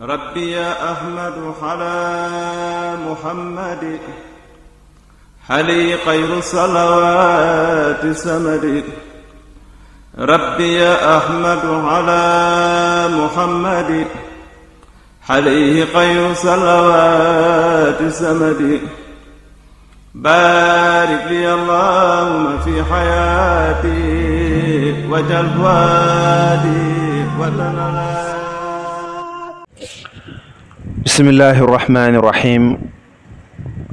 rabbi ya ahmadu xalaa muhammadi xali xayru salawaati samadi rabbi ya ahmadu xalaa muhammadi xali xayru salawaati samadi baarik li allahumma fi xayaati wajal waadi wa tanala bismillahi irrahmani irrahim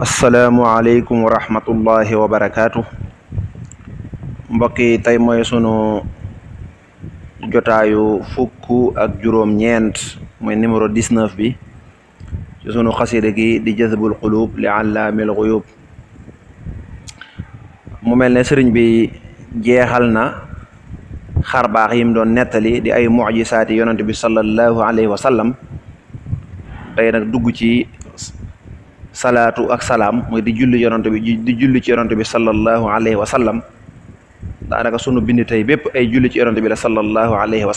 asalaamualeykum wa rahmatullahi wa barakaatu mbokk yi tey mooy sunu jotaayu fukk ak juróom-ñeent mooy numéro 19 bi ci sunu xasida gi di jazbul qulub li allaamil xuyub mu mel ne sëriñ bi jeexal na xarbaax yim doon nettali di ay mucjisaati yonent bi sallallahu alayhi wa tey nag dugg ci salaatu ak salaam mooy di julli bi di ci yonante bi sallallahu alayhi wa sallam daanaka sunu bindu tey bépp ay julli ci yonante bi la sallallahu alayhi wa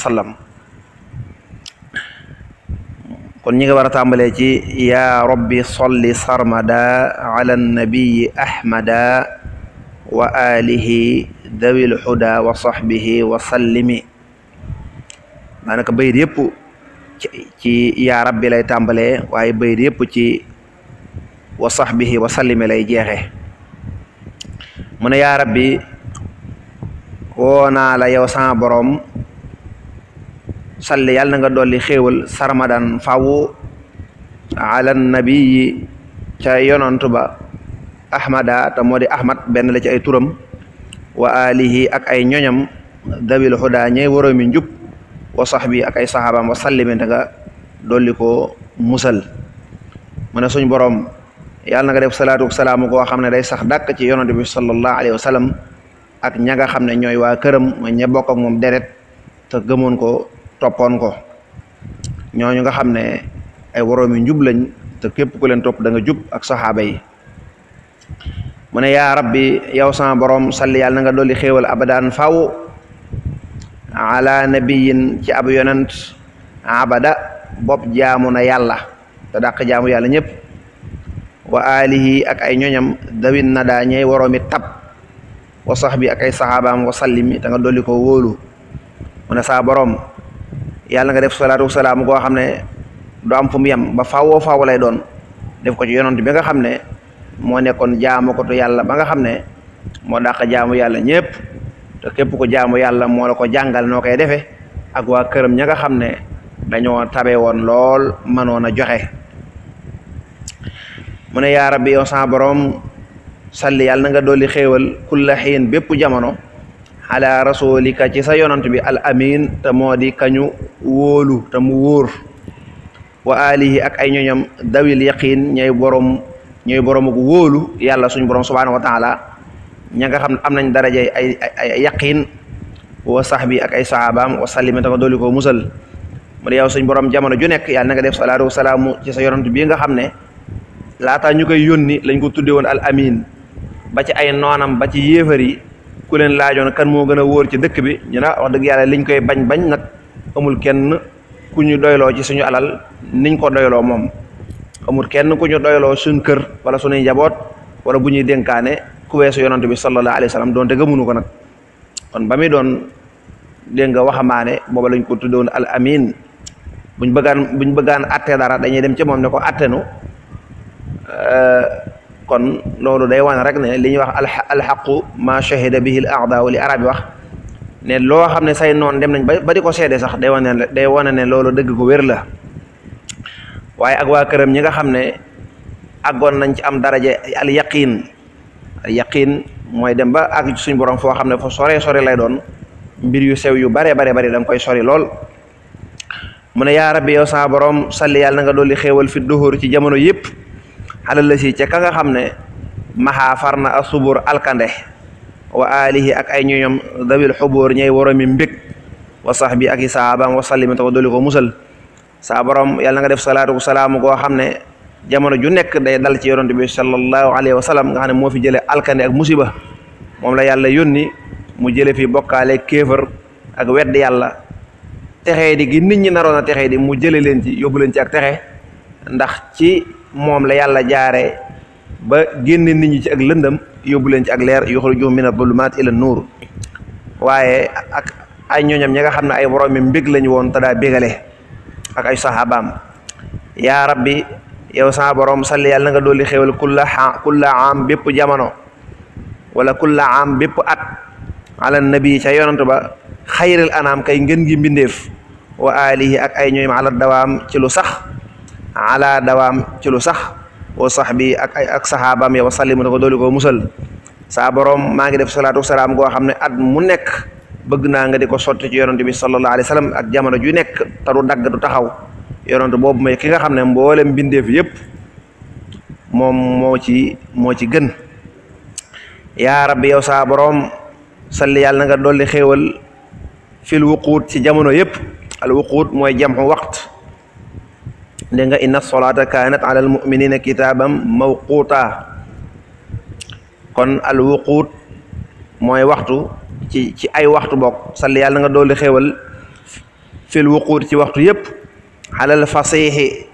kon ñi nga war a tàmbalee ci yaa rabbi solli sarmada ala nabiyi ahmada wa alihi dawil huda wa sahbihi ci yaa rabbi lay tàmbalee waaye bayit yëpp ci wa sahbihi wa sallimi lay jeexe mune ne yaa rabbi woo naa la yow sama boroom salli yàlla nga dolli xéewal sarmadan fawu ala nabiyi ca yonantu ba ahmada te di ahmad benn la ci ay turam wa alihi ak ay ñoñam dawil xuda ñey waroomi njub sax bi ak ay saxaabaam wa sallimin nga dolli ko musal mu ne suñ boroom yàlla na nga def salaatu salaamu koo xam ne day sax dàkk ci yonante bi sallallahu alayhi wa ak ña xam ne ñooy waa këram mooy ña moom deret te gëmoon ko toppoon ko ñooñu nga xam ne ay woroomi njub lañ te képp ku leen topp danga nga jub ak saxaaba yi mu ne yaa rabbi yow sama boroom salli yàlla na nga dolli xéewal abadaan faw ala nabiyin ci ab yonent abada bopp jaamu na yàlla te dàq jaamu yàlla ñëpp wa alihi ak ay ñoñam dawin na daa ñey waroomi tab wa sahbi ak ay saxaabaam wa sallimi te nga dolli ko wóolu mu ne saa boroom yàlla nga def salaatu salaam goo xam ne du am fu mu yem ba fawoo faw lay doon def ko ci yonent bi nga xam ne moo nekkoon jaamu ko tu yàlla ba nga xam ne moo daq jaamu yàlla ñëpp képp ko jaamu yàlla moo la ko jàngal noo koy defee ak waa këram ña nga xam ne dañoo tabe woon lool mënoon a joxe mu ne yaa rabbi yow sa borom salli yàlla na nga dolli xéewal kulla xiin bépp jamono ala rasulika ci sa yonant bi al amin te moo di kañu wóolu te mu wóor wa alihi ak ay ñoñam dawil yaqin ñooy borom ñooy boromuk wóolu yàlla suñ borom subhanahu taala ña nga xam ne am nañ darajey ay ay yaqiin sax bi ak ay sahabaam wa sallima tama dooli koo musal mu ne yow suñ borom jamono ju nekk yàlla na nga def salaatu wa salaamu ci bii nga xam ne laataa ñu koy yónni lañ ko tudde woon al amin ba ci ay noonam ba ci yéefar yi ku leen laajoon kan moo gën a wóor ci dëkk bi ñu ne ah, wax dëgg yàlla liñ koy bañ bañ nag amul kenn ku ñu doyloo ci suñu alal niñ ko doyloo moom amul kenn ku ñu doyloo suñ kër wala suñuy njaboot wala bu ñuy dénkaane ku weesu yonante bi sallallahu alayhi wa sallam doonte gëmunu ko nag kon ba muy doon dégg nga waxamaane booba lañ ko tuddoon al amin buñ bëggaan buñ bëggaan atte dara dañuy dem ci moom ne ko attenu euh, kon loolu day wane rek ne li ñuy wax alxaqu ma shahida bihi al a'daa wax ne loo xam ne say noon dem nañ ba di ko sax day wane ne day wane ne loolu dëgg ko wér la waaye ak waa këram ñi nga xam ne àggoon nañ ci am daraje al yaqin yaqin mooy dem ba àgg ci suñu foo xam ne fa sore sore lay doon mbir yu sew yu bare bare bare da koy sori lool mu ne yaa rabbi yow salli yàlla na nga dolli xéewal fi duhóor ci jamono yëpp xalal la si ca ka nga xam ne maxaa far na asubur alkande wa alihi ak ay ñoñom dawil xubóor ñay woromi mbég wa sax bi ak i saabaam wa sallimata wa dolli ko musal sa borom na nga def salaamu koo xam ne jamono ju nekk day dal ci yonent bi sallallahu alayhi wa sallam nga xam ne moo fi jëlee alkane ak musiba moom la yàlla yónni mu jële fi bokkaale kéefër ak wedd yàlla texe di gi nit ñi naroon a texee di mu jële leen ci yóbbu leen ci ak texe ndax ci moom la yàlla jaare ba génne nit ñi ci ak lëndëm yóbbu leen ci ak leer yuxrijuhum mina zulumaat ila nuur waaye ak ay ñooñam ñi nga xam ne ay boroomi mbég lañu woon te daa bégale ak ay sahabaam yow saa borom salli yàlla na nga dolli xéewal kulla kulla bépp jamono wala kulla am bépp at ala nabi ca yonant ba xayril anam kay ngën gi mbindeef wa alihi ak ay ñooyam ala dawaam ci lu sax ala dawaam ci lu sax wa sahbi ak ay ak saxaabaam yow salli mu ne ko dolli musal saa borom maa ngi def salaatu salaam goo xam ne at mu nekk bëgg naa nga di ko sotti ci yonante bi sallallahu alayhi wa ak jamono ju nekk te du dagg du taxaw yonent boobu mooy ki nga xam ne mboolem mbindeef yëpp moom moo ci moo ci gën yaa rabbi yow saa boroom salli yàlla nga dolli xéewal fil wuquut ci jamono yëpp al wuquut mooy jamxu waxt da nga inna solaata kaanat ala al muminina kitaabam mawquuta kon al wuquut mooy waxtu ci ci ay waxtu bokk salli yàlla na nga dolli xéewal fil wuquut ci waxtu yëpp xalal fasiixi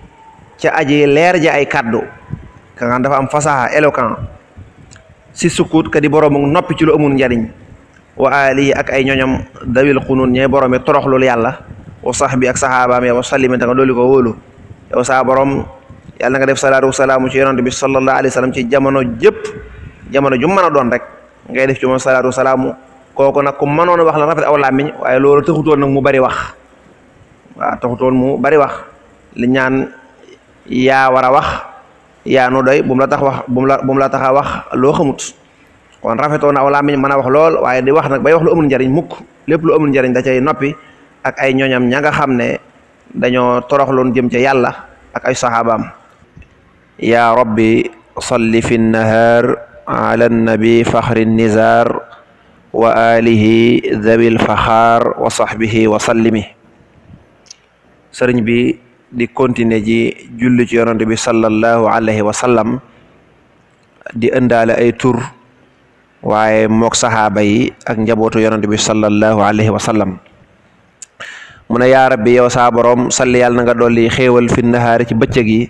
ca aji leer ja ay kàddu ka nga dafa am fasaxa éloquent si sukkuut ka di boroomu noppi ci lu amul njariñ wa li ak ay ñoñom dawil xunun ñooy boroomi toroxlul yàlla wa bi ak saxaabaam ya wa sallimi ta nga dooli ko wóolu yow saa borom yàlla nga def salaatu wasalaamu ci yonent bi sallallahu alayhi wa ci jamono jëpp jamono ju mën a doon rek ngay def ci moom salaatu wasalaamu kooku nag ku mënoon a wax la rafet aw làmmiñ waaye loolu taxutoon nag mu bari wax waaw taxutoon mu bari wax li ñaan yaa war a wax yaa nu doy la tax wax bu la bu la tax a wax loo xamut kon rafetoon na aw làmmiñ mën a wax lool waaye di wax nag bay wax lu amul njariñ mukk lépp lu amul njariñ da cay noppi ak ay ñooñam ña nga xam ne dañoo toroxloon jëm ca yàlla ak ay saxaabaam yaa rabbi salli fi nnahaar ala nnabi faxri nizar wa alihi wa sahbihi sëriñ bi di continuer ji julli ci yonante bi sallallahu alayhi wa sallam di ëndaale ay tur waaye mook saxaaba yi ak njabootu yonante bi sallallahu alayhi wa sallam mu ne yaa rabbi yow saa borom salli yàlla na nga dolli xéewal fi nahaari ci bëccëg yi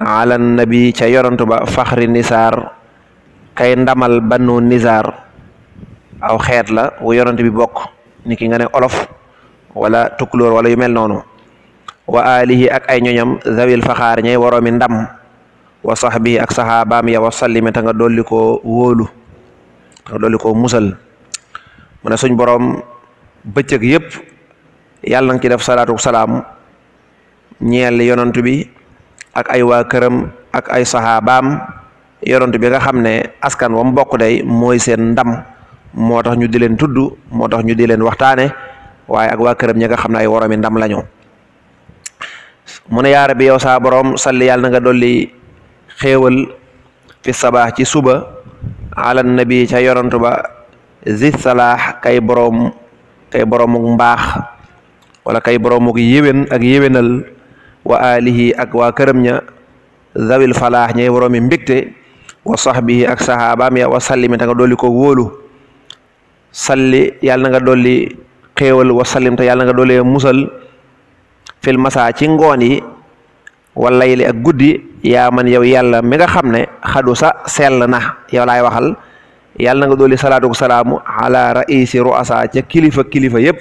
ala bi ca yonantu ba faxri nisaar kay ndamal bannu nisaar aw xeet la wu yonant bi bokk ni ki nga ne olof wala tukulóor wala yu mel noonu wa alihi ak ay ñoñam zawil faxaar ñay waroomi ndam wa sax sahbihi ak saxaabaam ya wa sallime ta nga dolli koo wóolu ta dolli koo musal mu suñ boroom bëccëg yépp yàlla na ci def salaatu salaam ñeel yonant bi ak ay waa këram ak ay saxaabaam yonant bi nga xam ne askan wa mu bokk day mooy seen ndam moo tax ñu di leen tudd moo tax ñu di leen waxtaane waaye ak waa këram ñi nga xam ne ay waromi ndam lañu mu ne yaa rabbi yow saa borom salli yàlla nga dolli xéewal fi sabaax ci suba alan nabi ca yonantu ba zi salaax kay borom kay mbaax wala kay boromuk yéwén ak yéwénal wa alihi ak waa këram ña zawil falaax ñay boroomi mbégte wa sahbihi ak sahabaam ya wa sallimi ta nga dolli ko wóolu salli yàlla nga dolli xéewal wa sallim te yàlla nga dolli musal fil masaa ci ngoon yi wala yili ak guddi yaa man yow yàlla mi nga xam ne xadu sa sell na yow laay waxal yàlla na nga dooli salaatu salaamu ala raisi ruasa ca kilifa kilifa yëpp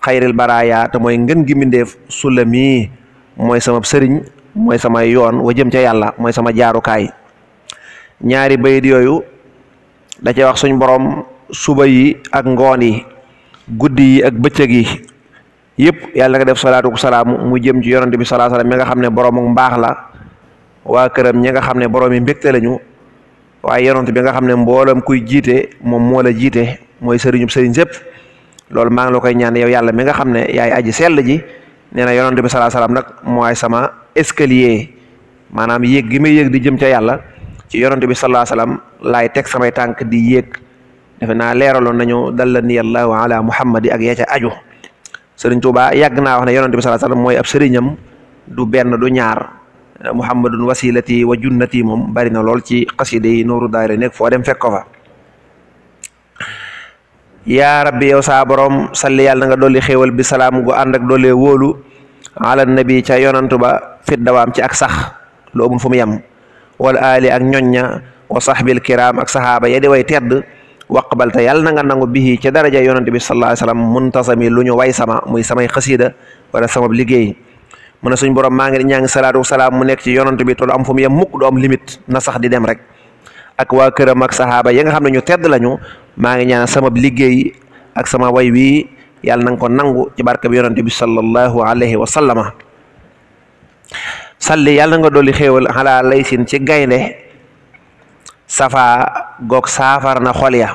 xayril baraaya te mooy ngën gi mbindéef sula mii mooy sama sëriñ mooy sama yoon wa jëm ca yàlla mooy sama jaarukaay ñaari bayit yooyu da ca wax suñ boroom suba yi ak ngoon yi guddi yi ak bëccëg yi yépp yàlla nga def salaatu salaam mu jëm ci yonante bi salaa salaam mi nga xam ne borom ak mbaax la waa këram ñi nga xam ne borom yi mbégte lañu waaye yonante bi nga xam ne mboolam kuy jiite moom moo la jiite mooy sëriñu sëriñ sépp loolu maa ngi la koy ñaan yow yàlla mi nga xam ne yaay aji la ji nee na yonante bi salaa salaam nag mooy sama escalier maanaam yéeg gi may yéeg di jëm ca yàlla ci yonante bi salaa salaam laay teg samay tànk di yéeg defe naa leeraloon nañu dalla ni allahu ala muhammadi ak ya ca sëriñ Tuuba yàgg naa wax ne yonent bi sallallahu mooy ab sëriñam du benn du ñaar muhammadun wasilati wa junnati moom bari na lool ci xaside yi nooru daayira nekk foo dem fekk ko fa yaa rabbi yow saa salli yàlla na nga dolli xéewal bi salaam gu ànd ak doole wóolu ala ca yonantu ba fit dawaam ci ak sax lu fu mu yem wala ali ak ñoñña wa sahbil kiram ak sahaaba ya di way tedd waqbal te yàlla na nga nangu bihi ca daraja yonante bi sallallahu alayhi wa sallam muntasami lu ñu way sama muy samay xasiida wala sama liggéey mu ne suñ borom maa ngi di ñaa ngi salaatu nekk ci yonante bi tolu am fu mu yem mukk du am limite na sax di dem rek ak waa këram ak saxaaba yi xam ne ñu tedd lañu maa ngi ñaan sama liggéey ak sama way wii yàlla na ko nangu ci barke bi yonante bi sallallahu alayhi wa sallama salli yàlla na nga dolli xéewal xalaa laysin ci gaynde safaa goog saafar na xol ya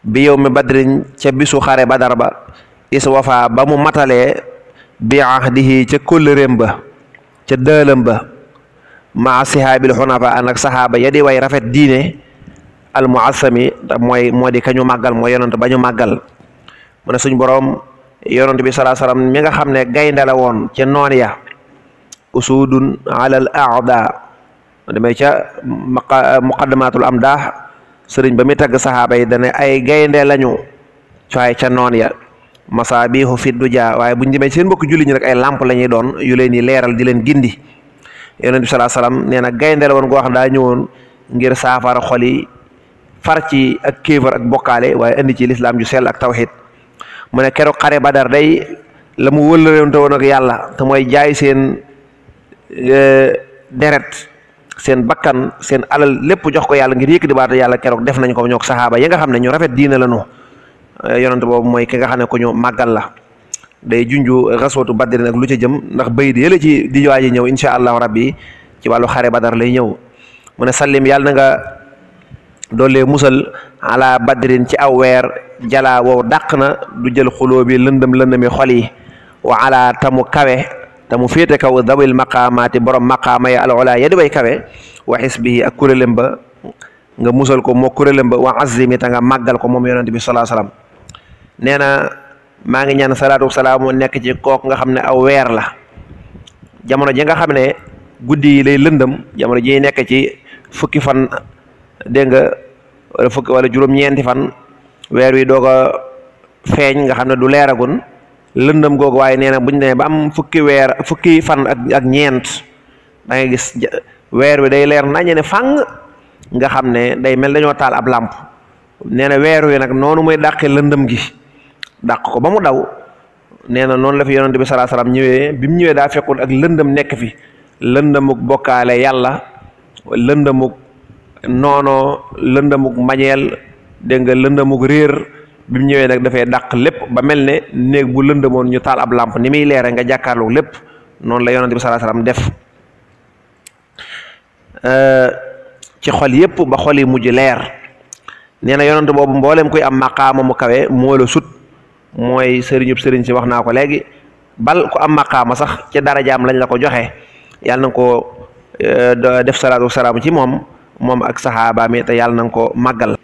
bi yow mi badrin ca bisu xare ba badar ba is wafa ba mu matalee bi ahdihi ca kóllëreem ba ca dëëlam ba maa sihaabil xunafa an ak saxaaba ya di way rafet diine al muasami mooy moo di kañu màggal mooy yonent ba ñu màggal mu ne suñ boroom yonent bi salaa salaam mi nga xam ne gaynde la woon ca noon ya usudun alal aada demee ca muqaddamatul am daax sëriñ ba muy tagg saxaaba yi dane ay gaynde lañu waaye ca noon ya masaabihu fi jaa waaye bu ñu demee seen mbokk julli ñi rek ay làmp lañuy ñuy doon yu leen di leeral di leen gindi yonent bi salaa nee na gaynde la woon goo xam daa ñëwoon ngir saafara xol yi far ci ak kéefar ak bokkaale waaye indi ci lislaam ju sel ak tawxid mu ne keroog xare badar day la mu wëllëreente woon ak yàlla te mooy jaay seen eh, deret seen bakkan seen alal lépp jox ko yàlla ngir yëkkati baatu yàlla keroog def nañ ko ñook saxaaba yi nga xam ne ñu rafet diina la euh, yonent boobu mooy ki nga xam ne ko ñu màggal la day junju rasootu badri nag lu ca jëm ndax bay di yële ci di waaj ñëw incha allahu rabbi ci wàllu xare badar lay ñëw mu ne sallim yàlla na nga doolee musal ala badrin ci aw weer jalaa wow dàq na du jël xuloo bi lëndëm lëndëmi xol yi wa ala tamu kawe te mu féete kaw dawil maqaamaati borom maqaama ya al ulaa way kawe wa xisbihi ak kuréelam ba nga musal ko moo kuréelam ba wa azimi nga màggal ko moom yonent bi salaa salaam nee na maa ngi ñaan salaatu salaamu nekk ci kook nga xam ne aw weer la jamono ji nga xam ne guddi yi lay lëndëm jamono ji nekk ci fukki fan dégg nga wala fukki wala juróom-ñeenti fan weer wi doog a feeñ nga xam ne du leeragun lëndëm googu waaye nee na bu ñu demee ba am fukki weer fukki fan ak ak ñeent da ngay gis weer wi day leer nañu ne fang nga xam ne day mel dañoo taal ab làmp nee na weer wi nag noonu muy dàqe lëndëm gi daq ko ba mu daw nee na noonu la fi yonent bi salaa ñëwee bi mu ñëwee daa fekkul ak lëndëm nekk fi lëndëmuk bokkaale yàlla lëndëmuk noono lëndëmuk mañeel dégg nga lëndëmuk réer bi mu ñëwee nag dafay dàq lépp ba mel ne néeg bu lëndëmoon ñu taal ab làmp ni muy leere nga jàkkaarloo lépp noonu la yonante bi sallallahu alayhi def euh, ci xol yépp ba xol yi mujj leer nee na yonante boobu mbooleem kuy am maqaama mu kawe moo mooy sëriñub sëriñ si wax naa ko léegi bal am maqaama sax ci darajaam lañ la ko joxe yàlla na ko euh, def salaatu ci moom moom ak saxaabaam yi te yàlla na ko màggal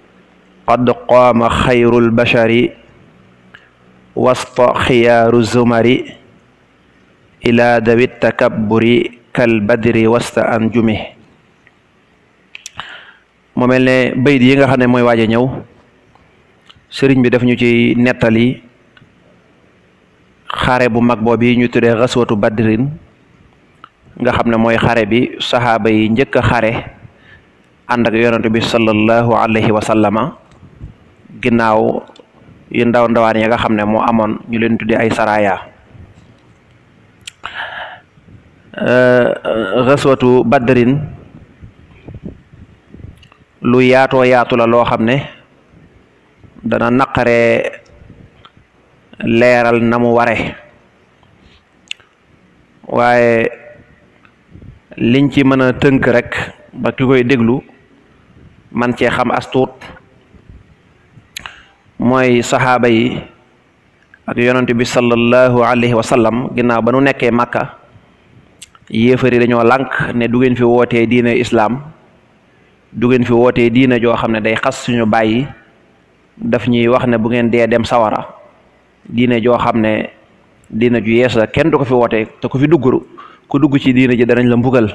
qad qaama xayrul bashari wasta xiyaaru zumari ilaa dawi takabburi kal badri wasta an jumi mu mel ne bayit yi nga xam ne mooy waaje ñëw sëriñ bi daf ñu ci nettali xare bu mag boobu yi ñu tuddee xaswatu badrin nga xam ne mooy xare bi saxaaba yi njëkk a xare ànd ak bi sallallahu alayhi wa ginnaaw yu ndaw ndawaan ya nga xam ne moo amoon ñu leen tuddee ay saraya xaswatu euh, badrin lu yaatoo yaatu la loo xam ne dana naqare leeral na mu ware waaye liñ ci mën a tënk rek ba ki koy déglu man cee xam as mooy saxaaba yi ak yonent bi sallallahu alayhi wa sallam ginnaaw ba nu nekkee màkka yéefari dañoo lànk ne du ngeen fi wootee diina islaam du fi wootee diine joo xam ne day xas suñu bàyyi daf ñuy wax ne bu ngeen dee dem sawara diine joo xam ne diine ju yees la kenn du ko fi wootee te ku fi dugguru ku dugg ci diine ji danañ la mbugal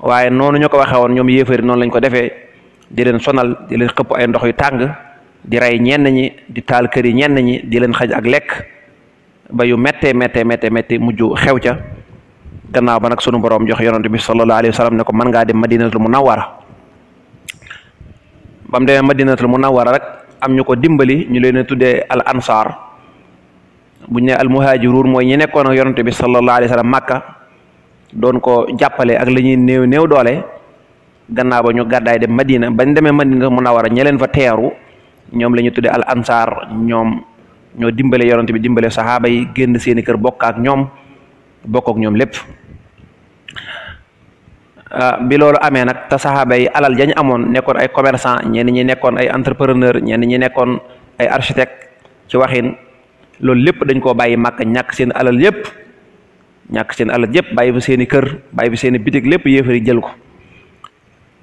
waaye noonu ñu ko waxee ñoom yéefari noonu lañ ko defee di leen sonal di leen xëpp ay ndox yu tàng di rey ñenn ñi di taal kër yi ñenn ñi di leen xaj ak lekk ba yu mettee méttee méttee mujj xew ca gannaaw ba nag sunu boroom jox yonent bi sallallahu alayhi wa sallam ne ko mën ngaa dem madinatul munawwara ba mu demee madinatul munawwara rek am ñu ko dimbali ñu leen tuddee al ansar bu ñu nee al muhaajiruun mooy ñi nekkoon ak yonent bi sallallahu alayhi wa màkka doon ko jàppale ak la ñuy néew néew doole gannaaw ba ñu gàddaay dem madina bañ demee madina munawwara ña ñeleen fa teeru. ñoom la ñu tuddee al ansaar ñoom ñoo dimbale yonante bi dimbale saxaaba yi génn seeni kër bokk ak ñoom bokk ak ñoom lépp ah, bi loolu amee nag te saxaaba yi alal jañ amoon nekkoon ay commerçant ñenn ñi nekkoon ay entrepreneur ñenn ñi nekkoon ay architecte ci waxin loolu lépp dañ koo bàyyi màkk ñàkk seen alal yépp ñàkk seen alal yépp bàyyi fi seeni kër bàyyi fi seeni bitig lépp yéefari jël ko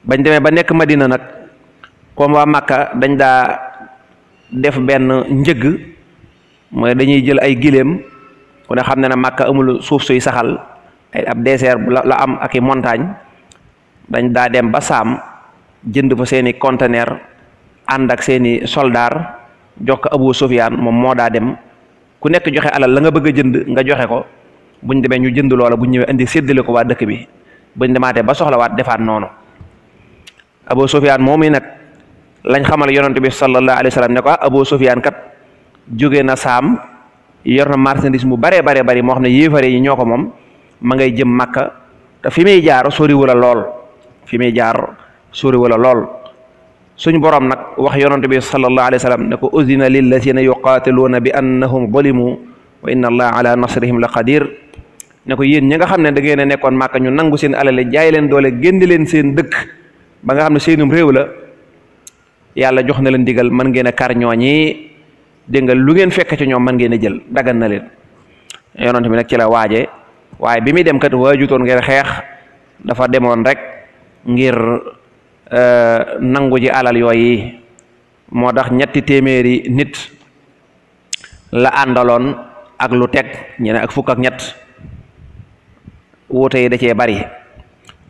bañ demee ba nekk Madina nag comme waa Màkka dañ daa def benn njëg mooy dañuy jël ay giléem ku ne xam ne ne màkka amul suuf suy saxal ab désert la am ak i montagne dañ daa dem ba saam jënd fa seeni conteneur ànd ak seeni soldaar jox ko Abu Sufyaan moom moo daa dem ku nekk joxe alal la nga bëgg jënd nga joxe ko buñ demee ñu jënd loola buñ ñëwee indi séddale ko waa dëkk bi bañ demaatee ba soxlawaat defaat noonu Abu Sufyaan moom mi nag lañ xamal yonent bi sallallahu alayhi wa ne ko Abu Sufyaan kat jóge na saam yor na marchandise mu baree baree bari moo xam ne yéefare yi ñoo ko moom ma ngay jëm Makka te muy jaar sori wala lool fi muy jaar sori wala lool suñu borom nag wax yonent bi sallallahu alayhi wa sallam ne ko uzina lillazina yuqatiluuna bi annahum zulimu wa inna allaha ala nasrihim la qadir ne ko yéen ñi nga xam ne da ngeen a nekkoon Makka ñu nangu seen alale jaay leen doole génn leen seen dëkk ba nga xam ne seenum réew la yàlla jox na leen digal mën ngeen a kar ñooñi dégg nga lu ngeen fekk ci ñoom mën ngeen a jël daggal na leen yonent bi nag ci la waaje waaye bi muy dem kat waajutoon ngir xeex dafa demoon rek ngir euh, nangu ji alal yooyu moo tax ñetti téeméeri nit la àndaloon ak lu teg ñu ak fukk ak ñett wuute yi da cee bari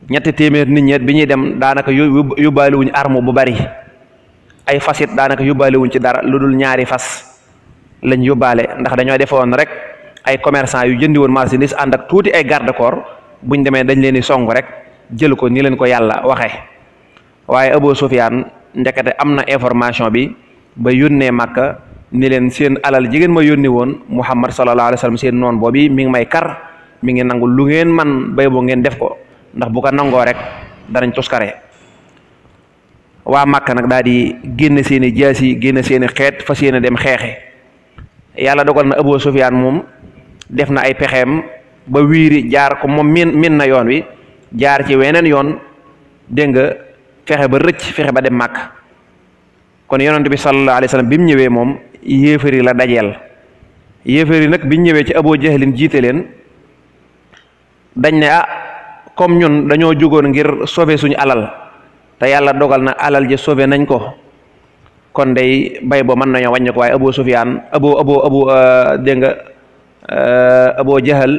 ñetti téeméer nit ñet bi ñuy dem daanaka yóbbaale wuñu arme bu bari ay fas it daanaka yóbbaale wuñ ci dara lu dul ñaari fas lañ yóbbaale ndax dañoo defoon rek ay commerçant yu jëndi woon marchandise ànd ak tuuti ay garde corps buñ demee dañ leen di song rek jël ko ni leen ko yàlla waxee waaye Abu Sufyaan ndekete am na information bi ba yónnee Màkka ni leen seen alal jigéen ma yónni woon Muhammad sallallahu alayhi wa sallam seen noon boobu mi ngi may kar mi ngi nangu lu ngeen man bay boo ngeen def ko ndax bu ko nangoo rek danañ tuskare waa Màkka nag daal di génn seeni i jaas yi génn seen xeet fas yéene dem xeexe yàlla dogal na Abu Sufyaan moom def na ay pexeem ba wiiri jaar ko moom min na yoon wi jaar ci weneen yoon dégg nga fexe ba rëcc fexe ba dem Màkka kon yonent bi sallallahu alayhi wa bi mu ñëwee moom yéefari la dajeel yéefari nag bi ñëwee ci Abu Jahlin jiite leen dañ ne ah comme ñun dañoo jógoon ngir sauver suñu alal. te yàlla dogal na alal ji sauvé nañ ko kon day bay boo mën nañoo wàññi ko waaye Abu Sufyaan Abu Abu Abu uh, dégg nga uh, Abu Jahal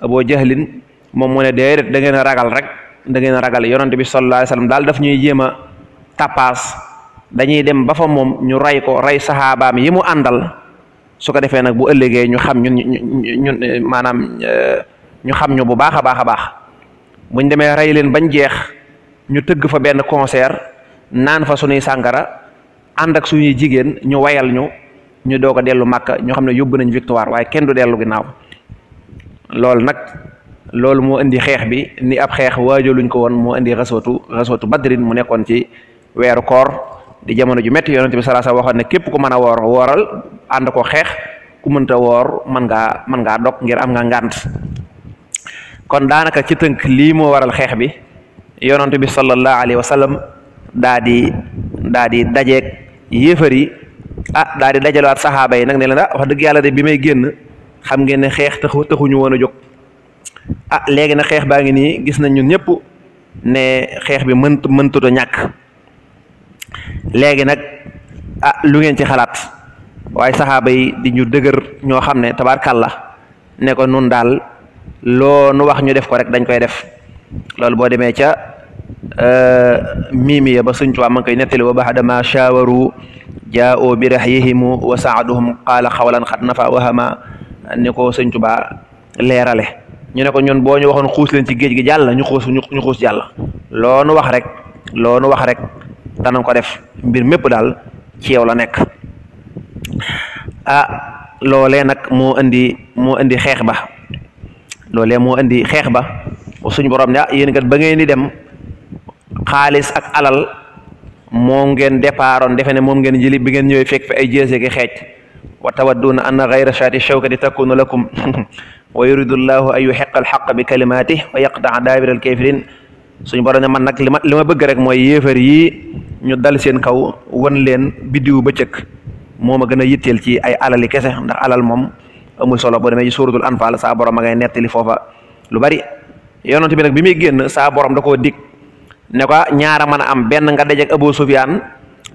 Abu Jahlin moom mu ne déedéet da ngeen a ragal rek da ngeen a ragal yonante bi sallallahu alayhi wa daal daf ñuy jéem a dañuy dem ba fa moom ñu rey ko ray saxaabaam yi mu àndal su ko defee nag bu ëllëgee ñu xam ñun ñun maanaam uh, ñu xam ñu bu baax a baax a baax buñ demee rey leen bañ jeex. ñu tëgg fa benn concert naan fa suñuy sànkara ànd ak suñuy jigéen ñu wayal ñu ñu doog a dellu màkka ñu xam ne yóbbu nañ victoire waaye kenn du dellu ginnaaw loolu nag loolu moo indi xeex bi ni ab xeex waajaluñ ko woon moo indi rasootu rasootu badrin mu nekkoon ci weeru koor di jamono ju metti yonent bi salaasa waxoon ne képp ko mën a woor wooral ànd ko xeex ku mënta woor mën ngaa mën ngaa dog ngir am nga ngànt kon daanaka ci tënk lii moo waral xeex bi yonantu bi sallallahu alayhi wa sallam daa di daa di dajeeg yéefar yi a ah, daa di dajalewaat saxaaba yi nag ne leen ah wax dëgg yàlla de bi may génn xam ngeen ne xeex taxu taxuñu woon a jóg a ah, léegi nag xeex baa ngi nii gis nañu ñépp ne xeex bi mënt mëntut a ñàkk léegi nag ah lu ngeen ci xalaat waaye saxaaba yi di ñu dëgër ñoo xam ne tabaarkàlla ne ko nun daal loo nu wax ñu def ko rek dañ koy def loolu boo demee ca euh, miimi ya ba suñ tuwaa ma ngi koy nettali wa baxda ja shaawaru jaa'u bi raxyihimu wa saaduhum qaala xawlan xat nafa wahama ni ko suñ tubaa leerale ñu ne ko ñun boo ñu waxoon xuus ci géej gi jàll ñu xuus ñu xuus jàll loonu wax rek loonu wax rek danañ ko def mbir mépp daal ci yow la nekk ah loolee nag moo andi moo indi xeex ba loolee moo indi xeex ba suñu borom ne ah, yéen kat ba ngeen dem xaalis ak alal moo ngeen départoon defe ne moom ngeen jëli bi ngeen ñëwee fekk fi ay jéese ki xeej wa tawadduuna anna gayra shaati shawkati takunu lakum wa yuridu ay an yuxiqa alxaqa bi kalimatih wa yaqtaa daabira alkafirin suñu borom ne man nag li ma li ma bëgg rek mooy yéefar yi ñu dal seen kaw wan leen biddiwu bëccëg moo ma gën a yitteel ci ay alali kese ndax alal moom amul solo boo a ci suuratul anfaal saa borom ma ngay nettali foofa yonent bi nag bi muy génn saa borom da koo dig ne ñaara man am benn nga dajeek Abu Sufyaan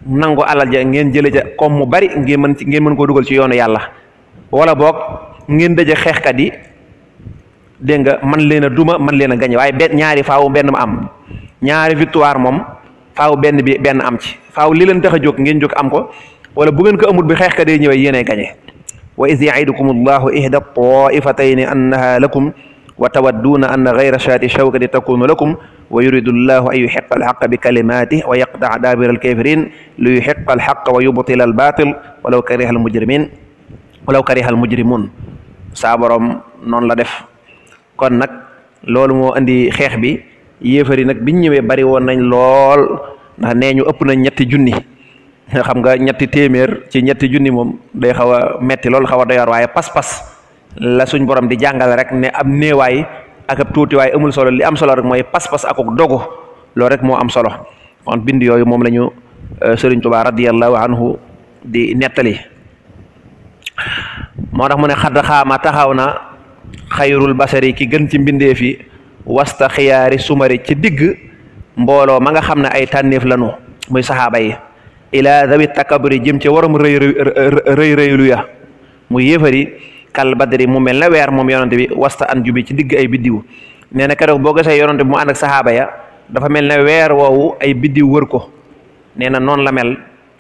nangu alal ja ngeen jële ja comme mu bari ngeen mën ngeen mën koo dugal ci yoonu yàlla wala boog ngeen daje xeexkat yi dégg nga man leen duma man leen a gañe waaye benn ñaari faaw benn ma am ñaari victoire moom faw benn bi benn am ci faaw li leen tax a jóg ngeen jóg am ko wala bu ngeen ko amut bi xeexkat yi ñëwee yéenay gañe wa is yaidukum allahu ihda taifatayni annaha lakum wa tawadduuna anna gayra shaati shawkati takunu lakum wa yuridu llahu an yuxiqa alxaqa bi kalimatih wa yaqtaa daabira alkafirin li yuxiqa alxaqa wa yubtila albaatil walaw kariha almujrimin walaw kariha almujrimun saa boroom noonu la def kon nag loolu moo indi xeex bi yéefari nag biñ ñëwee bari woon nañ lool ndax nee ñu ëpp nañ ñetti junni xam nga ñetti téeméer ci ñetti junni moom day xaw a metti lool xaw a doyar pas-pas la suñ borom di jàngal rek ne ab néewaay ak ab tuutiwaay amul solo li am solo rek mooy pas-pas ak dogu loolu rek moo am solo kon bind yooyu moom lañu ñu euh, Sëriñ Tuubaa radiyallahu anhu di nettali moo tax mu ne xadd xaama taxaw na xayrul basari ki gën ci mbindeef yi wasta xiyaari sumari ci digg mbooloo ma nga xam ne ay tànneef lanu muy saxaaba yi ilaa dawi takaburi jëm ci warum rëy rëylu ya mu yéefari kal badri mu mel na weer moom yonante bi wasta an jubi ci digg ay biddiw nee na keroog boo gisee yonante bi mu ànd ak saxaaba ya dafa mel na weer woowu ay biddiw wër ko nee na noonu la mel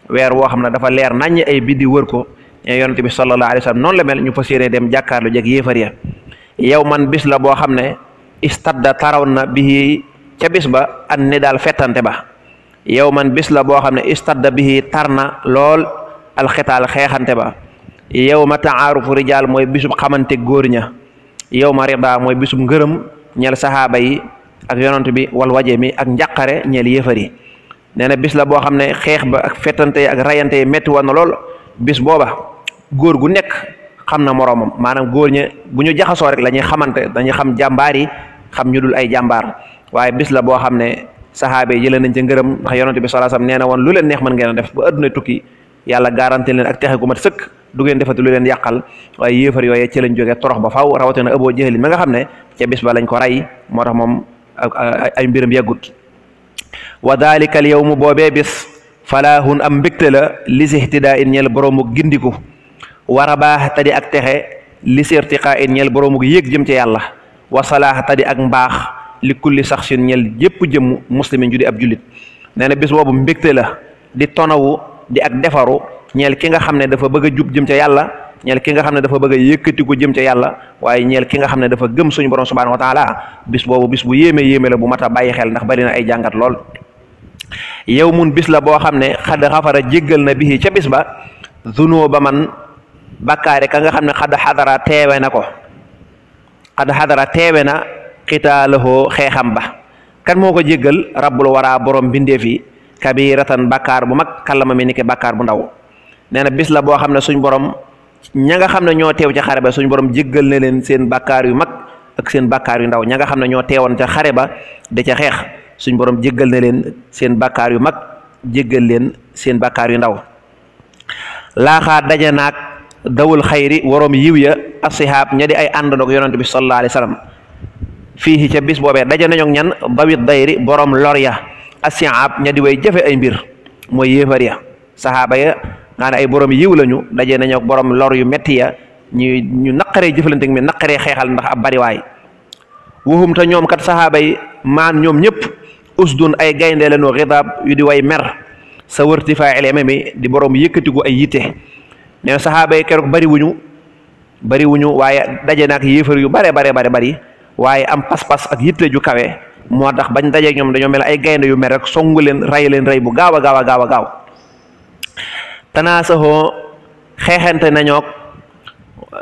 weer woo xam ne dafa leer naññ ay biddiw wër ko ne yonante bi sallallahu alayhi wa sallam noonu la mel ñu fas yéene dem jàkkaarlu jeg yéefar ya yow man bis la boo xam ne istadda taraw na bihi ca bis ba an ni daal fettante ba yow man bis la boo xam ne istadda bi tar na lool alxitaal xeexante yow ma taarufu rijaal mooy bisub xamante góor ña yow ma rida mooy bisub ngërëm ñeel saxaaba yi ak yonant bi wal waje mi ak njàqare ñeel yéefar yi nee na bis la boo xam ne xeex ba ak fettante ak rayante yi métti woon na lool bis booba góor gu nekk xam na moroomam maanaam góor ña bu ñu jaxasoo rek la ñuy xamante dañuy xam jàmbaar yi xam ñu dul ay jàmbaar waaye bis la boo xam ne saxaaba yi jëlee nañ ca ngërëm ndax yonante bi sallallahu alayhi wasallam woon lu leen neex mën ngeen a def ba adduna tukki yàlla garanti leen ak texe gu mat sëkk du ngeen defati lu leen yàqal waaye yéefar yooye ci lañ jógee torox ba faw rawatina Abu Jahal ma nga xam ne ca bis ba lañ ko rey moo tax moom ay mbiram yàggut wa dalika al yawmu boobee bis falaahun am mbégte la lis ihtidaa in ñeel boroomu gindiku war a baax tadi ak texe lis irtiqaa in ñeel boroomu yéeg jëm ci yàlla wa salaax tadi ak mbaax li kulli saxsin ñeel yépp jëm muslimin ju di ab jullit nee na bis boobu mbégte la di tonawu di ak defaru ñeel ki nga xam ne dafa bëgg jub jëm ca yàlla ñeel ki nga xam ne dafa bëgg a yëkkatiku jëm ca yàlla waaye ñeel ki nga xam ne dafa gëm suñu borom subhanahu wa taala bis boobu bis bu yéeme yéeme la bu mat a bàyyi xel ndax bari na ay jàngat lool yow mun bis la boo xam ne xadd xafara jéggal na bihi ca bis ba zunuba man bakkaare ka nga xam ne xadd xadara teewe na ko xadd xadara teewe na xitaalahoo xeexam ba kan moo ko jéggal rabbul waraa borom bindeef yi kabiratan bakkaar bu mag kàllama mi ni ki bakkaar bu ndaw nee na bis la boo xam ne suñ borom ña nga xam ne ñoo teew ca xare ba suñ borom jéggal na seen bàkkaar yu mag ak seen bàkkaar yu ndaw ña nga xam ne ñoo teewoon ca xare ba da ca xeex suñ borom jéggal leen seen bàkkaar yu mag jéggal leen seen bàkkaar yu ndaw laaxaa daje naag dawul xayri woroom yiw ya asihaab ña di ay àndandoog yonent bi sallallahu alayhi wa sallam fii ca bis boobee daje nañu ñan dawit dayri boroom lor ya asihaab ña di way jëfe ay mbir mooy yéefar ya sahaaba ya nga ne ay borom yiw lañu daje nañu ak borom lor yu metti ya ñu naqare naqaree jëflante mi naqaree xeexal ndax ab bariwaay wuxum te ñoom kat saxaaba yi maan ñoom ñëpp usdun ay gaynde lañu xidaab yu di way mer sa wërtifaa eleme mi di borom yëkkatiku ay yitte ne saxaaba yi keroog bariwuñu wuñu bari wuñu waaye daje na ak yéefar yu bare bare bare bari waaye am pas-pas ak yitte ju kawe moo tax bañ daje ñoom dañoo mel ay gaynde yu mer rek songu leen ray leen rey bu gaaw a gaaw a a gaaw tanaasaxoo xeexante nañook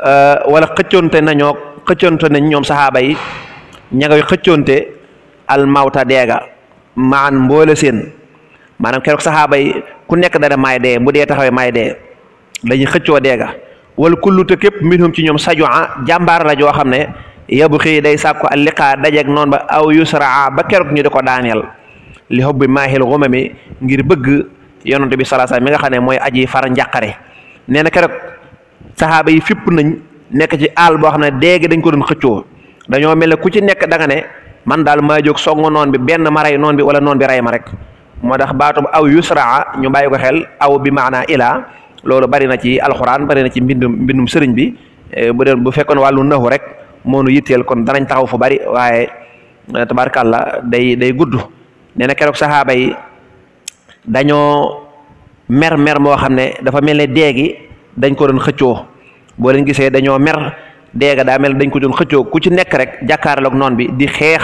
eh, wala xëccoonte nañook xëccoonte nañ ñoom saxaaba yi ña ngay xëccoonte al mawta deega maan mboole seen maanaam keroog saxaaba yi ku nekk dana maay dee bu dee taxawee maay dee dañuy xëccoo deega wala kullu képp minhum ci ñoom saju a jàmbaar la joo xam ne yabu xëy day sàkku al liqaa dajeeg noonu ba aw yusraa ba keroog ñu di ko daaneel li xob bi maahil xuma mi ngir bëgg yonante bi sallallahu alayhi wasallam mi nga xam ne mooy aji far njàqare nee na keroog saxaaba yi fipp nañ nekk ci àll boo xam ne déegi dañ ko doon xëccoo dañoo mel ne ku ci nekk da ne man daal maa jóg songu noon bi benn ma rey noon bi wala noon bi rey ma rek moo tax baatub aw yusraa ñu bàyyi ko xel aw bi maanaa ilaa loolu bari na ci alxuraan bari na ci mbindum mbindum sëriñ bi eh, bu doon bu fekkoon wàllu naxu rek moo nu yitteel kon danañ taxaw fu bari waaye eh, tabarkàlla day day gudd dañoo mer mer moo xam ne dafa mel ne dee dañ ko doon xëccoo boo leen gisee dañoo mer dee daa mel ne dañ ko doon xëccoo ku ci nekk rek jàkkaarloog noon bi di xeex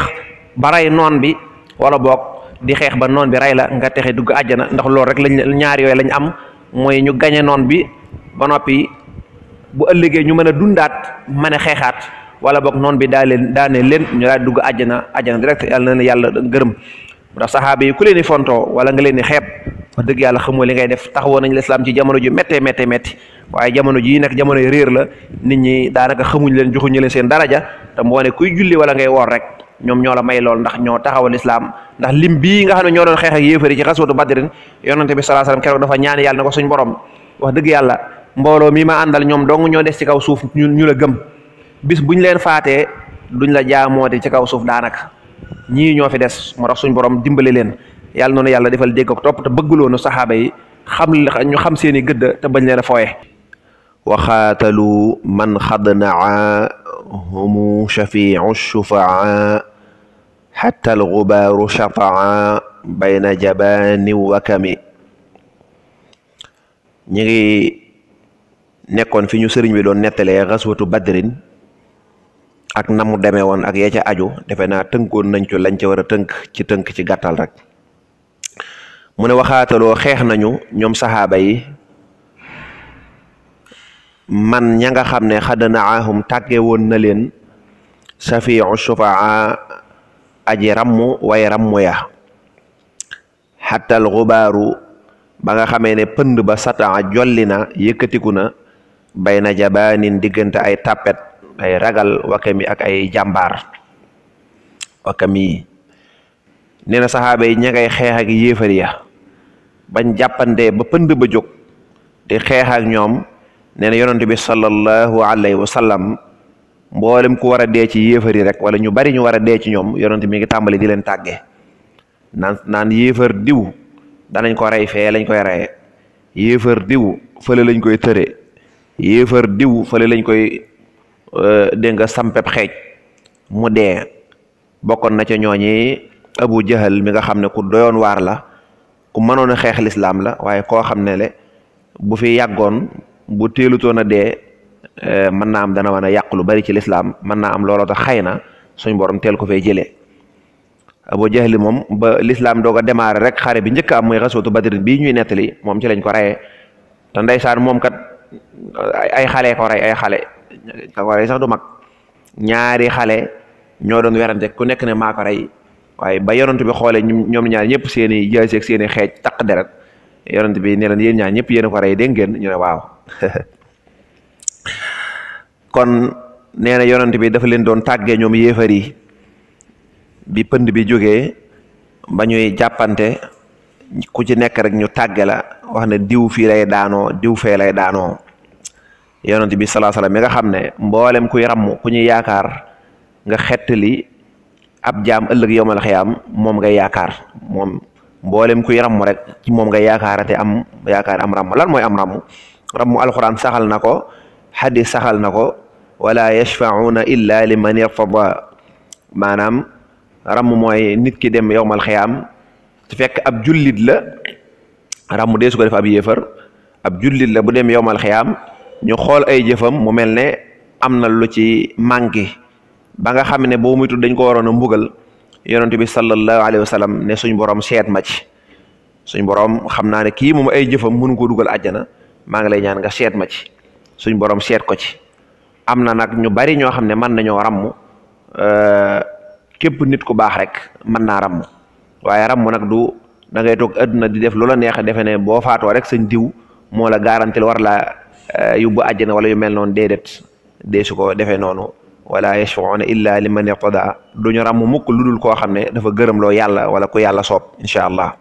ba rey noon bi wala boog di xeex ba noon bi rey la nga texe dugg àjjana ndax loolu rek lañ ñaar yooyu lañ am mooy ñu gañe noon bi ba noppi bu ëllëgee ñu mën a dundaat ma ne xeexaat wala boog noon bi daa leen daa ne leen ñu daal dugg àjjana àjjana direct yàlla na yàlla gërëm bu tax yi ku leen di fontoo wala nga leen di xeeb wax dëgg yàlla xamoo li ngay def taxawoo nañ lislaam ci jamono ju méttee méttee métti waaye jamono jii nag jamono yi réer la nit ñi daanaka xamuñ leen joxuñu leen seen daraja te moo ne kuy julli wala ngay woor rek ñoom ñoo la may lool ndax ñoo taxawal lislaam ndax lim bii nga xam ne ñoo doon xeex ak yéefari ci xaswatu badrin yonante bi salaa salaam keroog dafa ñaan yàlla na ko suñ borom wax dëgg yàlla mbooloo mi ma àndal ñoom dong ñoo des ci kaw suuf ñu la gëm bis buñ leen faatee duñ la jaamoote ci kaw suuf daanaka ñii ñoo fi des moo tax suñ borom dimbale leen yàlla noonu yàlla defal dégg ak topp te bëgguloonu saxaaba yi xam ñu xam seen gëdd te bañ leen a fooye wa man xad naa humu shafiu shufaa xatta algubaaru shataa bayna jabaani wakami ñi ngi nekkoon fi ñu sëriñ bi doon nettalee xaswatu badrin ak na mu demee woon ak ya ca aju defe naa tënkoon nañ ci lañ ca war a tënk ci tënk ci gàttal rek mu ne waxaataloo xeex nañu ñoom saxaaba yi man ña nga xam ne xadanaahum tàggee woon na leen safiu shufaa aji rammu way rammu ya xatal xubaaru ba nga xamee ne pënd ba sataa jolli na yëkkatiku na bay na jabaanin diggante ay tàppet ay ragal wakami ak ay jàmbaar wakami nee na saxaaba yi ña ngay xeex ak yéefar ya bañ jàppandee ba pënd ba jóg di xeex ñoom nee na yonent bi sallallahu alayhi wa sallam mboolem ku war a dee ci yéefar yi rek wala ñu bari ñu war a dee ci ñoom yonent mi ngi tàmbali di leen tàggee naan naan yéefar diw danañ ko rey fee lañ koy reyee yéefar diw fële lañ koy tëre yéefar diw fële lañ koy Euh, dégg nga sampeb xeej mu dee bokkoon na ca ñooñi abu jahal mi nga xam ne ku doyoon waar la ku mënoon a xeex lislaam la waaye koo xam ne le bu fi yàggoon bu teelutoon a dee euh, mën naa am dana mën a yàq lu bari ci lislaam mën naa am looloo tax xëy na suñ borom teel ko fee jëlee abu jahli moom ba lislaam doog a démarré rek xare bi njëkk am muy xasootu badrin bii ñuy nettali moom ci lañ ko reyee te ndeysaan moom kat ay xale ko rey ay xale ka sax du mag ñaari xale ñoo doon werante ku nekk ne maako ko rey waaye ba yonent bi xoolee ñoom ñaar ñëpp seen i jaasi seeni seen xeej taq deret yonent bi ne leen yéen ñaar ñëpp yéen a ko rey dégg ngeen ñu ne waaw kon nee na yonent bi dafa leen doon tàggee ñoom yéefar yi bi pënd bi jógee ba ñuy jàppante ku ci nekk rek ñu tàgge la wax na diw fii lay daanoo diw fee lay daanoo yonent bi salaa salaam mi nga xam ne mboolem kuy ràmm ku ñuy yaakaar nga xettali ab jaam ëllëg yowmal xiyaam moom ngay yaakaar moom mboolem kuy ràmm rek ci moom ngay yaakaar te am yaakaar am ràmm lan mooy am ràmm ràmm alxuraan saxal na ko xadis saxal na ko wala yashfauna illa li man irtada maanaam ràmm mooy nit ki dem yowmal xiyaam su fekk ab jullit la ràmm dee su ko def ab yéefar ab jullit la bu dem yowmal xiyaam ñu xool ay jëfam mu mel ne am na lu ci manqué ba nga xam ne boo muy tudd dañ ko waroon a mbugal yonent bi sallallahu alayhi wa sallam ne suñ borom seet ma ci suñ borom xam naa ne kii moom ay jëfam mënu ko dugal àjjana maa ngi lay ñaan nga seet ma ci suñ borom seet ko ci am na nag ñu bari ñoo xam ne mën nañoo ràmm euh, képp nit ku baax rek mën naa ràmm waaye ràmm nag du da ngay toog àdduna di def loola neex defe ne boo faatoo rek sañ diw moo la garantil war laa Eh, yóbbu àjjana wala yu mel noonu déedéet dee su ko defee noonu wala yashfauna illa liman irtada duñu ràmm mukk lu dul koo xam ne dafa gërëm loo yàlla wala ku yàlla soob incha allah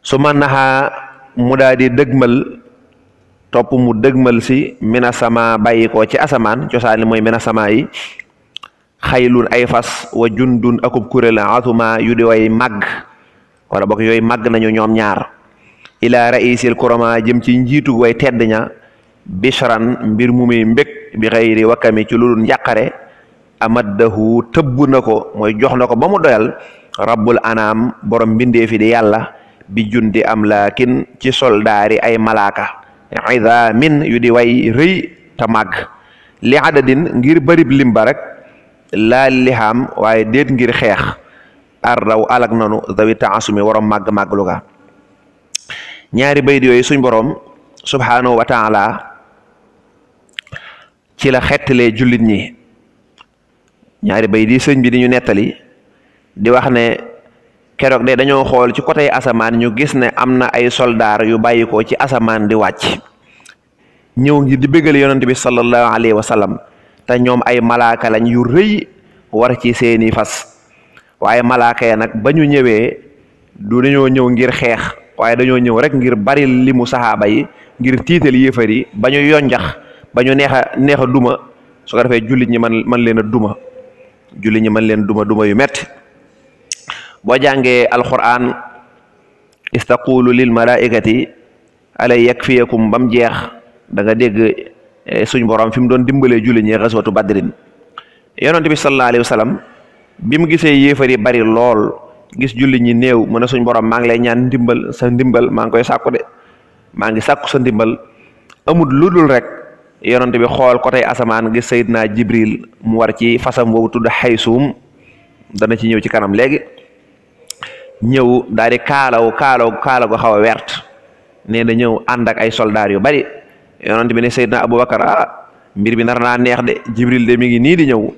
su man naxaa mu daa di dëgmal topp mu dëgmal si mina sama bàyyi ko ci asamaan cosaan li mooy mina sama yi xaylun ay fas wa dun akub kuréel atuma yu di way màgg wala bokk yooyu màgg nañu ñoom ñaar ilaa raisil kurama jëm ci njiitu way tedd ña mbir mu muy mbég bi xayri wakkami ci lu dul njàqare amaddahu tëbb na ko mooy jox na ko ba mu doyal rabbul anaam borom mbindeefi di yàlla bi jundi am laakin ci soldaari ay malaaka ida min yu di way rëy te màgg li adadin ngir barib limba rek laa lihaam waaye déet ngir xeex ardaw alag nanu zawi taasumi warom màgg-màgg lu ñaari bayit yooyu suñ boroom subhaanahu wa taala ci la xettalee jullit ñi ñaari bayit yi sëñ bi di ñu nettali di wax ne keroog de dañoo xool ci côté asamaan ñu gis ne am na ay soldaar yu bàyyikoo ci asamaan di wàcc ñëw ngir di béggale yonent bi sallallahu alayhi wa te ñoom ay malaaka lañ yu rëy war ci seeni fas waaye malaaka ya nag ba ñu ñëwee du dañoo ñëw ngir xeex waaye dañoo ñëw rek ngir bari limu saxaaba yi ngir tiital yéefar yi ba ñu yonjax ba ñu neex a neex a duma su ko defee jullit ñi man man leen a duma jullit ñi man leen duma duma yu metti boo jàngee alquran istaqulu lil malaikati alay yakfiyakum ba mu jeex danga dégg eh, suñ borom fi mu doon dimbalee jullit ñi xaswatu badrin yonent bi sallallahu alayhi wa bi mu gisee yéefar yi bari lool gis julli ñi néew mu ne suñ borom maa ngi lay ñaan ndimbal sa ndimbal maa ngi koy sàkku de maa ngi sàkku sa ndimbal amul lu dul rek yonent bi xool ko tey asamaan gis Seydina Jibril mu war ci fasam boobu tudd xaysuum dana ci ñëw ci kanam léegi ñëw daal di kaalaw kaalaw kaala go xaw a wert nee na ñëw ànd ak ay soldaar yu bari yonent bi ne Seydina Abubakar ah mbir bi nar naa neex de Jibril de mi ngi nii di ñëw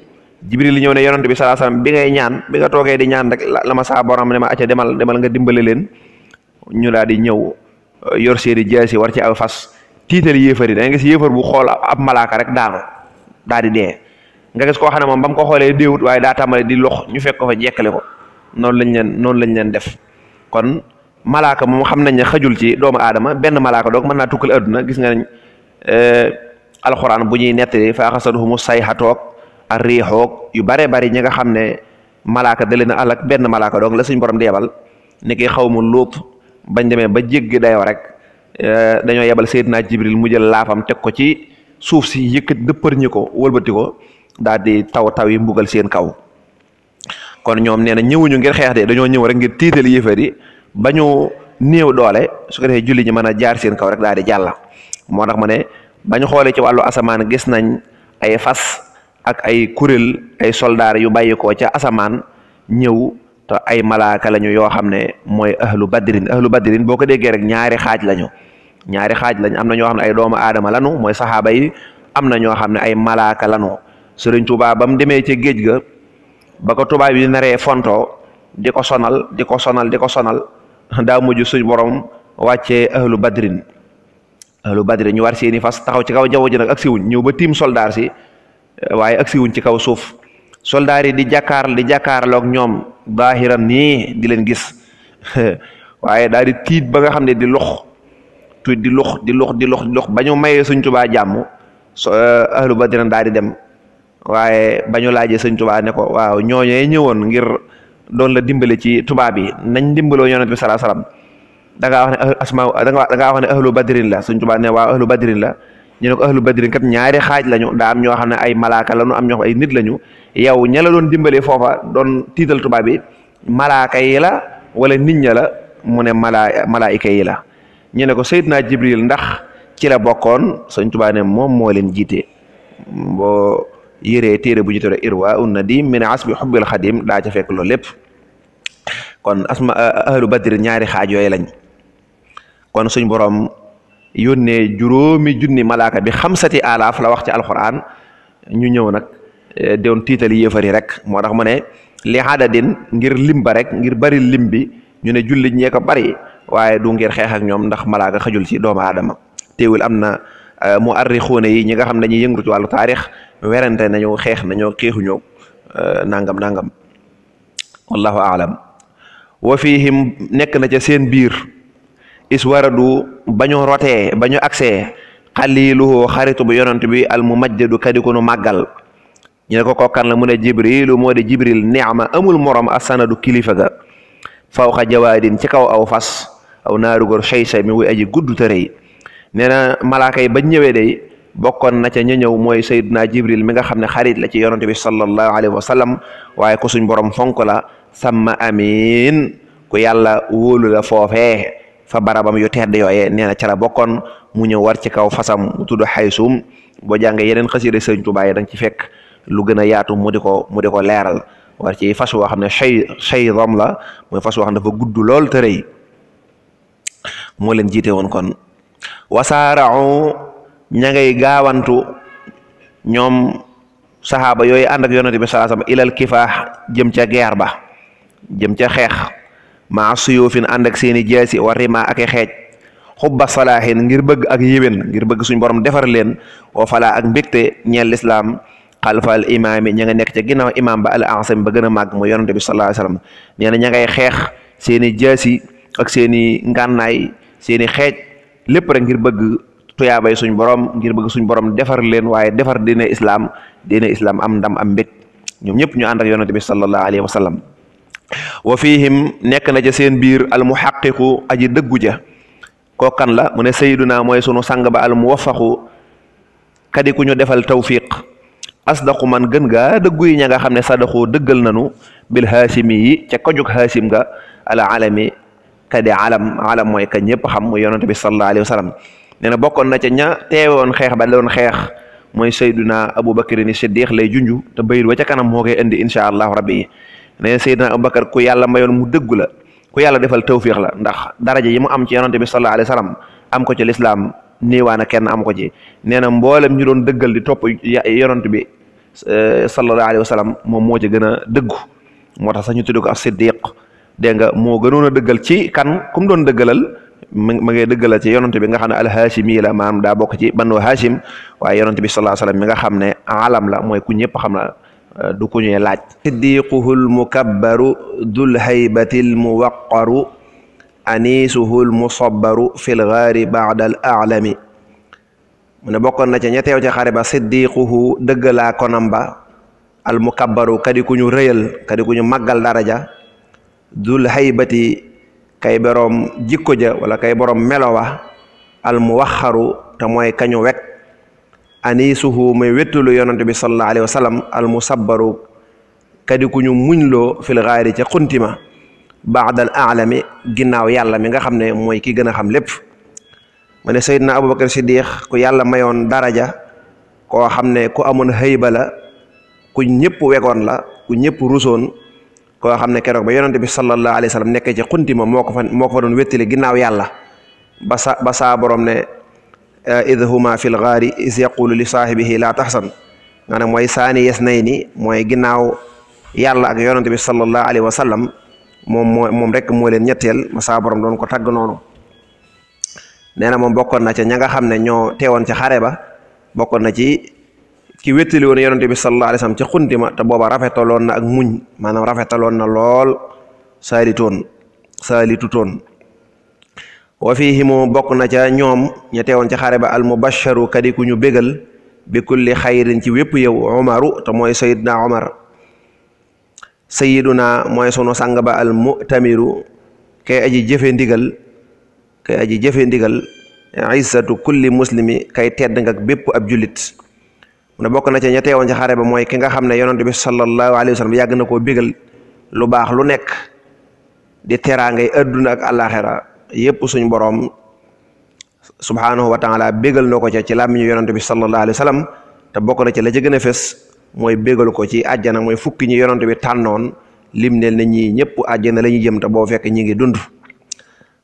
jibril li ñëw ne yonent bi salaa salaam bi ngay ñaan bi nga toogee di ñaan rek la ma saa borom ne ma acca demal nga dimbale leen ñu daal di ñëw euh, yor seeni jaasi war ci aw fas tiital yéefar yi da nga gis yéefar bu xool ab malaaka rek daanu daal di dee nga gis koo xam ne moom ba ko xoolee déewut waaye daa tàmbale di lox ñu fekk ko fa jekkale ko noonu lañ leen noonu lañ leen def kon malaaka moom xam nañ ne xajul ci doomu aadama benn malaaka doog mën naa tukkal adduna gis nga nañ euh, alxuraan bu ñuy faa nettali fa axasaduhumu toog a riixoog yu bare bari ñi nga xam ne malaaka da leen alak benn malaaka donc la suñ borom di yebal ni ki xaw mu luut bañ demee ba jéggi dayoo rek eh, dañoo yebal Seydina Jibril mu jël laafam teg ko ci suuf si yëkkat dëppër ñi ko wëlbati daal di taw taw yi mbugal seen kaw kon ñoom nee na ñëwuñu ngir xeex de dañoo ñëw rek ngir tiital yéefar yi ba ñu néew doole su ko defee julli ñi mën a jaar seen kaw rek daal di jàll moo tax mu ne bañ xoolee ci wàllu asamaan gis nañ ay fas ak ay kuréel ay soldaar yu bàyyikoo ca asamaan ñëw te ay malaaka lañu yoo xam ne mooy ahlu badrin ahlu badrin boo ko déggee rek ñaari xaaj lañu ñaari xaaj lañ am na ñoo xam ne ay doomu aadama lanu mooy saxaaba yi am na ñoo xam ne ay malaaka lanu Sëriñ Tuubaa ba mu demee ca géej ga ba ko tubaab yi naree fontoo di ko sonal di ko sonal di ko sonal daa mujj suñ borom wàccee ahlu badrin ahlu badrin ñu war seeni fas taxaw ci kaw jaww ji nag ak siwuñ ñëw ba tiim soldaar si waaye agsi wuñ ci kaw suuf soldaari di jàkkaar di jàkkaarloog ñoom baaxiram nii di leen gis waaye daal di tiit ba nga xam ne di lux tu di lux di lux di lux di lux ba ñu mayee sëñ tubaa jàmm so eh, badrin daal dem waaye ba ñu laajee sëñ tubaa ne ko waaw ñooñee ñëwoon ngir doon la dimbale ci tubaab yi nañ dimbaloo yonent bi salaa salaam da ngaa wax ne asma da ngaa ne ahlu badrin la sëñ tubaa ne waaw ahlu badrin la ñu ne ko ahlu badrin kat ñaari xaaj lañu daa am ñoo xam ne ay malaaka lañu am ñoo xam ay nit lañu yow ña la doon dimbalee foofa doon tiital tubaab bi malaaka yi la wala nit ña la mu ne malaa malaayika yi la ñu ne ko Seydina Jibril ndax ci la bokkoon Sëñ Tuubaa moom moo leen jiite boo yëree téere bu ñu tere irwa un na nadim min asbi xubbil xadim daa ca fekk loolu lépp kon asma ahlu badrin ñaari xaaj yooyu lañ kon suñ borom yónnee juróomi junni malaaka bi xamsati alaaf la wax ci alquran ñu ñëw nag eh, doon tiitali yéefari rek moo tax mu ne li adadin ngir lim ba rek ngir bari lim bi ñu ne jullit ñee ko bari waaye du ngir xeex ak ñoom ndax malaaka xajul ci doomu aadama teewul am na eh, mu arrixuune yi ñi nga xam ne dañuy yëngu ci wàllu taarix werante nañu xeex nañoo xeexuñoo eh, nangam nangam wallahu aalam wa fihim nekk na ca seen biir iswaradu ba ñu rotee ba ñu agsee xaliluhu xaritu bu yonent bi al mumajjadu kadi ku nu màggal ñu ko kokkan la mu ne jibrilu moo de jibril neama amul morom asanadu kilifa ga fawxa jawaadin ci kaw aw fas aw naaru góor shaysa mi wuy aji gudd te rëy nee malaaka yi bañ ñëwee day bokkoon na ca ña ñëw mooy sayyidina jibril mi nga xam ne xarit la ci yonent bi sallallahu alayhi wa sallam waaye ku suñ fonk la sàmma amin ku yàlla wóolu la foofee fa barabam yu tedd yooye nee na ca la bokkoon mu ñëw war ci kaw fasam mu tudd xaysum boo jàngee yeneen xasida sëriñ Tuubaa yi da ci fekk lu gën a yaatu mu di ko mu di ko leeral war ci fas woo xam ne chay chaydom la mooy fas woo xam ne dafa gudd lool te rëy moo leen jiite woon kon wasaarau ña ngay gaawantu ñoom saxaaba yooyu ànd ak yonent bi sallallahu alayhi wasallam ilal kifaax jëm ca guerre ba jëm ca xeex maa suyufin ànd ak seeni jaasi wa rima ak i xeej xubba salaahin ngir bëgg ak yéwén ngir bëgg suñ borom defar leen o falaa ak mbégte ñeel lislaam xalfal imaami ña nga nekk ca ginnaaw imaam ba al ansam ba gën a màgg mu yonante bi sallallahu alayhi wasallam na ña ngay xeex seeni jaasi ak seeni ngànnaay seeni xeej lépp rek ngir bëgg tuyaabay suñ borom ngir bëgg suñ borom defar leen waaye defar dina islaam diine islaam am ndam am mbég ñoom ñëpp ñu ànd ak yonante bi sallallahu alayhi wa fihim nekk na ca seen biir al mu muhaqiqu aji dëggu ja kookan la mu ne sayyiduna mooy sunu sang ba al muwaffaqu kadi ku ñu defal tawfiq asdaqu man gën gaa dëggu dëgguy ña nga xam ne sadaxoo dëggal nanu bil haasimi yi ca kojug haasim nga ala alami kadi alam alam mooy ka ñëpp xam muy yonante bi sallallahu alayhi wa sallam bokkoon na ca ña teewoon ba doon xeex mooy sayyiduna abubakar ni siddiq lay junju te bayit wa ca kanam moo koy indi incha allahu rabbi yi nee Seydina Aboubacar ku yàlla mayoon mu dëggu la ku yàlla defal tawfiix la ndax daraja yi mu am ci yonante bi sallallahu alayhi wa am ko ci lislaam niiwaana kenn am ko ci nee na mboolem ñu doon dëggal di topp yonante bi eh, sallallahu alayhi wa sallam moom moo ci gën a dëggu moo tax sax ñu tudd ko as-siddiq dégg nga moo gënoon a dëggal ci kan ku doon dëggalal ma ma ngay dëggalal ci bi nga xam ne alhaashimi la maam daa bokk ci banu haashim waaye yonante bi sallallahu alayhi mi nga xam ne alam la mooy ku ñëpp xam na Euh, du ku ñuy laaj siddiquhul mukabbaru dul haybatil muwaqqaru anisuhul musabbaru fil ghaari ba'dal a'lami mu ne bokkoon na ca ña teew ba siddiquhu dëggalaa konam ba kadi ku ñu rëyal kadi ku ñu daraja dul haybati kay boroom jikko ja wala kay boroom melowa al muwaqqaru te mooy kañu wekk aniisuhu muy wettulu yonante bi sallallahu alayhi wa sallam al musabbaru kadi ku ñu muñloo fil xaari ca xuntima baadal aalami ginnaaw yàlla mi nga xam ne mooy ki gën a xam lépp ma ne Seydina Abubakar Siddiq ku yàlla mayoon daraja koo xam ne ku amoon xëyba la ku ñëpp wegoon la ku ñëpp rusoon koo xam ne keroog ba yonante bi sallallahu alayhi wa nekk nekkee ci xuntima moo ko fa moo ko fa doon wettali ginnaaw yàlla ba sa ne id huma fil gaari is yaqulu li saahibihi la tahzan maanaam mooy saani yes nay ni mooy ginnaaw yàlla ak yonent bi sallallahu alayhi wa sallam moom moo moom rek moo leen ñetteel ma saa doon ko tagg noonu nee na moom bokkoon na ca ña nga xam ne ñoo teewoon ca xare ba bokkoon na ci ki wéttali woon yonent bi sallallahu alayhi wa ci ca xuntima te booba rafetaloon na ak muñ maanaam rafetaloon na lool saalitoon saalitutoon wa fihimu bokk na ca ñoom ña teewoon ca xare ba al mubasharu kadi ñu bégal bi kulli xayrin ci wépp yow umaru te mooy sayiduna umar sayiduna mooy sunu sàng ba al mutamiru kay aji jëfe ndigal kay aji jëfe ndigal izzatu kulli muslimi kay tedd nga bépp ab jullit mu bokk na ca ña teewoon ca xare ba mooy ki nga xam ne yonent bi sallallahu alayhi wa yàgg na koo bégal lu baax lu nekk di teraangay adduna ak àllaaxira yépp suñ boroom subhaanahu wa taala bégal na ko ca ci làmmiñu yonante bi sallallahu alayhi wa sallam te bokk na ci la ci gën a mooy bégal ko ci àjjana mooy fukki ñi yonante bi tànnoon lim neel na ñi ñëpp àjjana la ñuy jëm te boo fekk ñi ngi dund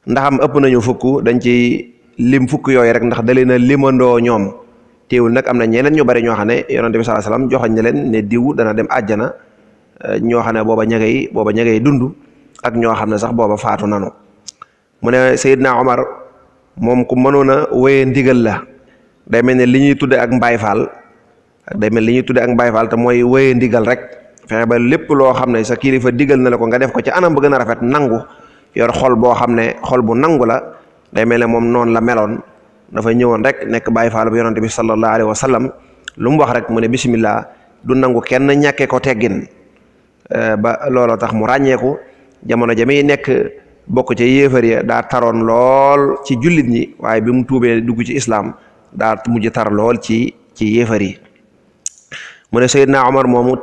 ndax am ëpp nañu fukk dañ ci lim fukk yooyu rek ndax da leen a limandoo ñoom teewul nag am na ñeneen ñu bari ñoo xam ne yonante bi sallallahu alayhi wa sallam joxañ na leen ne diw dana dem àjjana eh, ñoo xam ne booba ña ngay booba ña ngay ak ñoo xam ne sax booba faatu nanu mu ne Seydina Omar moom ku mënoon a wéyee ndigal la day mel ne li ñuy tudde ak mbaay faal day mel li ñuy tudde ak mbaay faal te mooy woye ndigal rek fexe ba lépp loo xam ne sa kilifa digal na la ko nga def ko ci anam ba gën a rafet nangu yor xol boo xam ne xol bu nangu la day mel ne moom noonu la meloon dafa ñëwoon rek nekk bàyyi faal bu yonante bi sallallahu alayhi wa sallam lu mu wax rek mu ne bismillah du nangu kenn ñàkkee ko teggin eh, ba looloo tax mu ràññeeku bokk ca yéefar ya daa taroon lool ci jullit ñi waaye bi mu tuubee dugg ci islaam daa mujj tar lool ci ci yéefar yi mu ne Seydina Omar moomu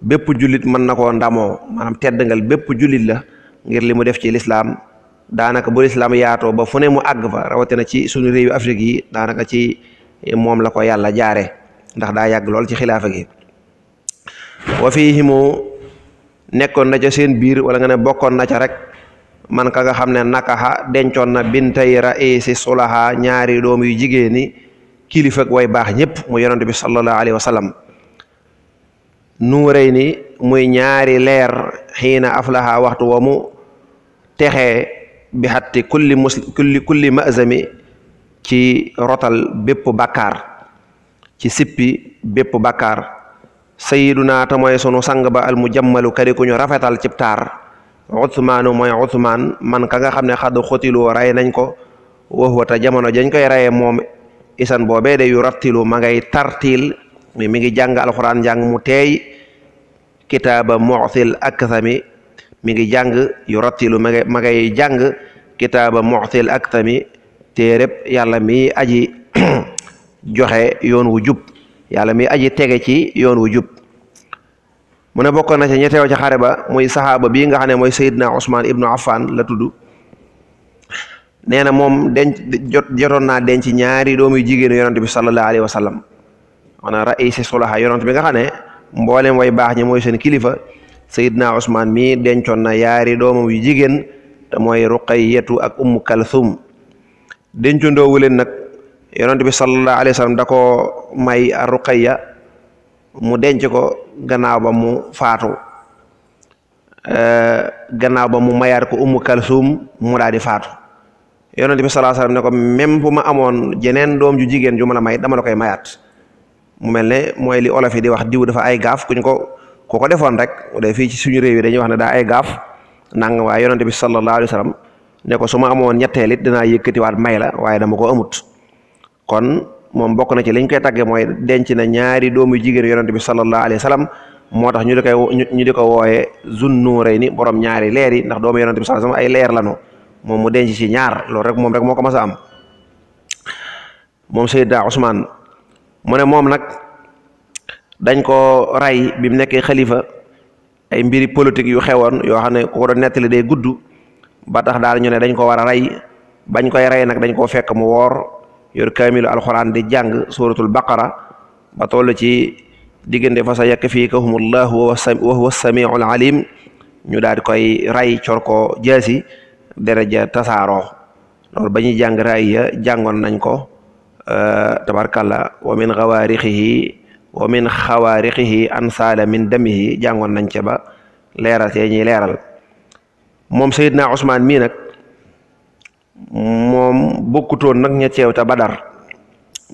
bépp jullit mën na koo ndamoo maanaam teddangal bépp jullit la ngir li mu def ci lislaam daanaka bu lislaam yaatoo ba fu ne mu àgg fa rawatina ci suñu réewi Afrique yi daanaka ci moom la ko yàlla jaare ndax daa yàgg lool ci xilaafa gi wa fiihimu nekkoon na ca seen biir wala nga ne bokkoon na ca rek man ka nga xam ne nakaxa dencoon na bintay raisi sulaha ñaari doom yu jigéeni kilifa ak way baax ñëpp mu yonent bi sallallahu alayhi wa sallam ni muy ñaari leer xiina aflaha waxtu wa mu texee bi xatti kulli muslim ci rotal bépp bàkkaar ci sippi bépp bàkkaar sayiduna ta mooy sunu sang ba al mujammalu kadi ku ñu rafetal cib taar Usmaanu mooy Usmaan man ka nga xam ne xadd xotiloo rey nañ ko waxwa ta jamono jañ koy reyee moom isan boobee de yu rattilu ma ngay tartiil mi mi ngi jàng alxuraan jàng mu teey kitaaba muxsil aksami mi ngi jàng yu rattilu ma ngay jàng kitaaba muxsil aksami téereb yàlla mi aji joxe yoon wu jub yàlla mi aji tege ci yoon wu jub mune ne bokkoon na ci ñi ci xare ba mooy saxaaba bi nga xam ne mooy Seydina Ousmane ibnu Affan la tudd nee moom denc jot jotoon naa denc ñaari doomu jigéenu yonante bi sallallahu alayhi wa sallam maanaam raisi sulaha bi nga xam ne mboolem way baax ñi mooy seen kilifa Seydina Ousmane mii dencoon na yaari doomam yu jigéen te mooy Ruqayyatu ak Ummu Kalthum dencondoowu leen nag yonante bi sallallahu alayhi wa dakoo da koo may Ruqayya mu denc ko gannaaw ba mu faatu eh, gannaaw ba mu mayaat ko ummu kalsum mu daal di faatu yonent bi sallallahu alayhi ne ko même bu ma amoon jeneen doom ju jigéen ju ma la may dama la koy mayaat mu mel ne mooy li olof yi di wax diw dafa ay gaaf kuñ ko ku ko defoon rek day fii ci suñu réew yi dañuy wax ne daa ay gaaf nang waaye yonent bi sallallahu alayhi wasallam ne ko su ma amoon ñetteel it dinaa yëkkatiwaat may la waaye dama ko amut kon moom bokk na ci lañ koy tàggee mooy denc na ñaari doomu jigéen yonent bi sallallahu alayhi wa moo tax ñu di koy ñu di ko wooyee zun nuuray ni boroom ñaari leer yi ndax doomu yonent bi sallallahu alayhi wa sallam ay leer lañu moom mu denc ci ñaar loolu rek moom rek moo ko mas a am moom Seydina Ousmane mu ne moom nag dañ ko rey bi mu nekkee xalifa ay mbiri politique yu xewoon yoo xam ne ku ko doon nettali day gudd ba tax daal ñu ne dañ koo war a rey bañ koy rey nag dañ koo fekk mu woor yor kaamilu alxuraan di jàng suuratul baqara ba toll ci diggante fa sa yakfikahum allahu wa huwa samiul alim ñu daal di koy ray cor ko jaasi dereja tasaaroo loolu ba ñuy jàng ray ya jàngoon nañ ko euh, tabarkalla wa min xawaarixihi wa min xawaarixihi an min damihi jàngoon nañ ca ba leeral see ñuy leeral moom Seydina Ousmane mii nag moom bokkutoon nag ña ba dar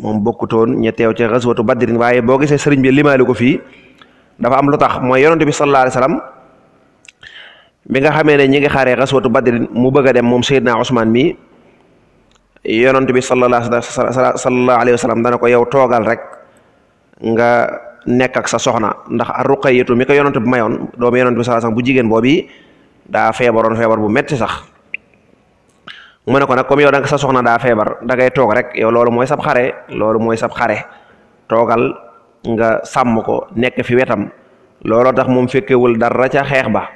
moom bokkutoon ña teew ca xaswatu badrin waaye boo gisee sëriñ bi limaale ko fii dafa am lu tax mooy yonent bi sallallahu alayhi wasallam bi nga xamee ne ñi ngi xaaree xaswatu badrin mu bëgg a dem moom Seydina Ousmane mi yonent bi sallallahu alayhi wasallam dana ko yow toogal rek nga nekk ak sa soxna ndax Ruqayyatu mi ko yonent bi mayoon doomu yonent bi sallallahu bu jigéen boobu daa feebaroon feebar bu metti sax mu ne ko nag comme yow da nga sa soxna daa feebar da ngay toog rek yow loolu mooy sab xare loolu mooy sab xare toogal nga sàmm ko nekk fi wetam looloo tax moom fekkewul dara ca xeex ba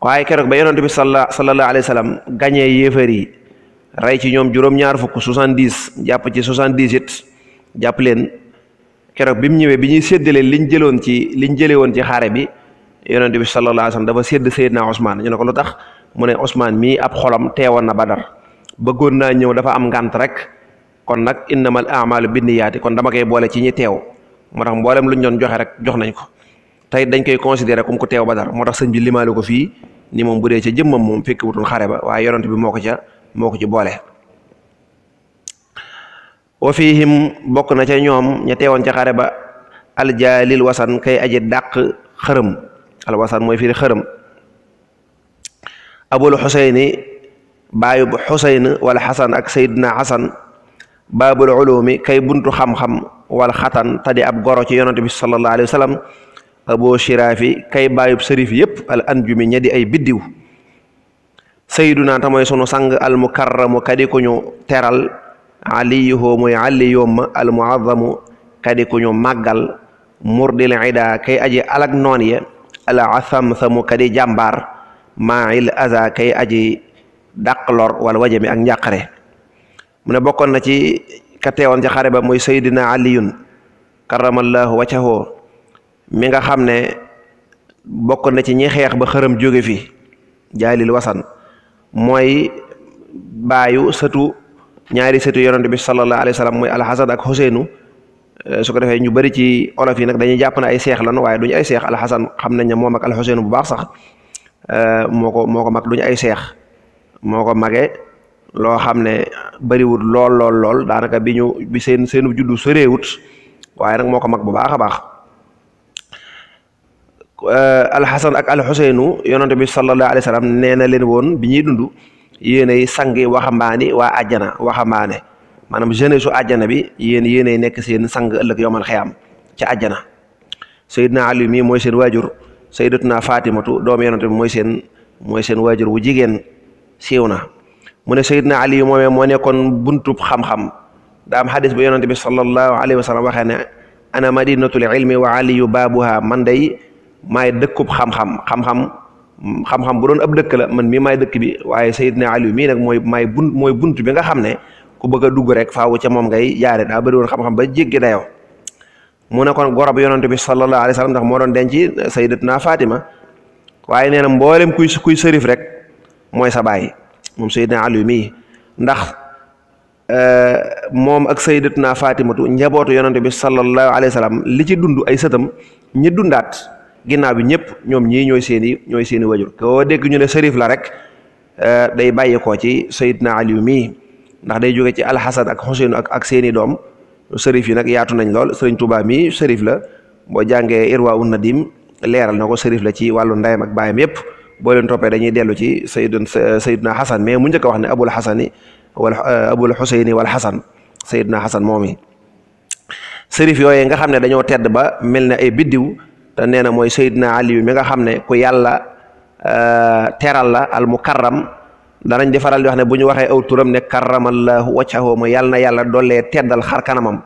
waaye keroog ba yonent bi salla sallallahu alayhi wa sallam gañee yéefar yi rey ci ñoom juróom-ñaar fukk soixante-dix jàpp ci soixante-dix it jàpp leen keroog bi mu ñëwee bi ñuy séddale liñ jëloon ci liñ jëlee woon ci xare bi yonent bi sallallahu alayhi wa sedd dafa sédd Seydina Ousmane ñu ne ko lu tax mu ne Ousmane mii ab xolam teewoon na Badar bëggoon naa ñëw dafa am ngànt rek kon nag mal a'maalu binniyaati kon dama koy boole ci ñi teew moo tax mboolem lu ñu doon joxe rek jox nañ ko tey dañ koy considéré comme ku teew ba Badar moo tax sëñ bi limaale ko fii ni moom bu dee ca jëmmam moom fekki wutoon xare ba waaye yonent bi moo ko ca moo ko ci boole. wa fihim bokk na ca ñoom ña teewoon ca xare ba aljaalil wasan kay aje dàq xërëm wasan mooy firi xërëm. abul xuseyni baayub xuseyn wala xasan ak saydna xasan baabul ulumi kay buntu xam-xam wala xatan tadi ab goro ci yonante bi sallallahu alayhi wa sallam abu shiraafi kay baayub sërif yépp al anjumi ña ay biddiw sayduna ta mooy sang al mukarramu kadi ku ñu teral aliyuhu muy aliyum al muazzamu kadi ku ñu murdil ida kay aji alag noon ye al asamsamu kadi jàmbaar maayil aza kay aji dàq lor wala waje mi ak njàqare mu ne bokkoon na ci ka teewoon ci xare ba mooy saydina aliyun karamallahu wajhahu mi nga xam ne bokkoon na ci ñi xeex ba xërëm jóge fi jaalil wasan mooy baayu sëtu ñaari sëtu yonent bi sallallahu alayhi wa sallam mooy alxasan ak xuseynu eh, su ko defee ñu bari ci olof yi nag dañuy jàpp na ay seex lanu waaye duñu ay seex alxasan xam nañ ne moom ak alxuseynu bu baax sax Eh, moo ko moo ko mag duñu ay seex moo ko magee loo xam ne bariwut lool lool lool daanaka bi ñu bi seen seenu juddu soreewut waaye nag moo ko mag bu baax a baax eh, alxasan ak alxuseynu yonante bi sallallahu alayhi wa nee na leen woon bi ñuy dund yéenay sangi waxambaani waa àjjana waxambaane maanaam jeunesse su àjjana bi yéen yéenay nekk seen sang ëllëg yomal xeyaam ca àjjana Seydina Ali mii mooy seen waajur sayyidatuna fatimatu doomu yonent bi mooy seen mooy seen waajur wu jigéen siiw na mu ne sayyidna ali moomee moo nekkoon buntub xam-xam daa am xadis bu yonent bi sallallahu alayhi wa sallam waxee ne ana madinatul ilmi wa aliyu baabuha man day maay dëkkub xam-xam xam-xam xam-xam bu doon ab dëkk la man mii maay dëkk bi waaye sayyidna ali mii nag mooy maay mooy bunt bi nga xam ne ku bëgg dugg rek faawu ca moom ngay yaare daa bëri woon xam-xam ba jéggi dayoo mu ne kon gorob yonent bi sallallahu alayhi wa sallam ndax moo doon denc sayyidatuna Fatima waaye nee na mboolem kuy kuy sërif rek mooy sa baay moom sayyidina Ali mii ndax euh, moom ak sayyidatuna Fatimatu njabootu yonent bi sallallahu alayhi wa sallam li ci dund ay sëtam ñi dundaat ginnaaw bi ñëpp ñoom ñii ñooy seeni i ñooy seen i wajur koo dégg ñu ne sërif la rek euh, day bàyyi koo ci sayyidina Ali mii ndax day jóge ci alxasan ak xuseenu ak ak seen doom sërif yi nag yaatu nañ lool sëriñ Touba mi sërif la boo jàngee Irwa un Nadim leeral na ko sërif la ci wàllu ndayam ak baayam yëpp boo leen toppee dañuy dellu ci Sayyidun Sayyiduna Xasan mais mu njëkk a wax ne Abul Xasani wala euh, Abul Xuseyni wala Xasan Sayyiduna Xasan moom yi sërif yooyu nga xam ne dañoo tedd ba mel ni ay biddiw te nee na mooy Sayyiduna Ali mi nga xam ne ku yàlla euh, teral la al mukarram danañ di di wax ne bu ñu waxee aw turam ne la wajhahu mu yàlla na yàlla dollee teddal xar kanamam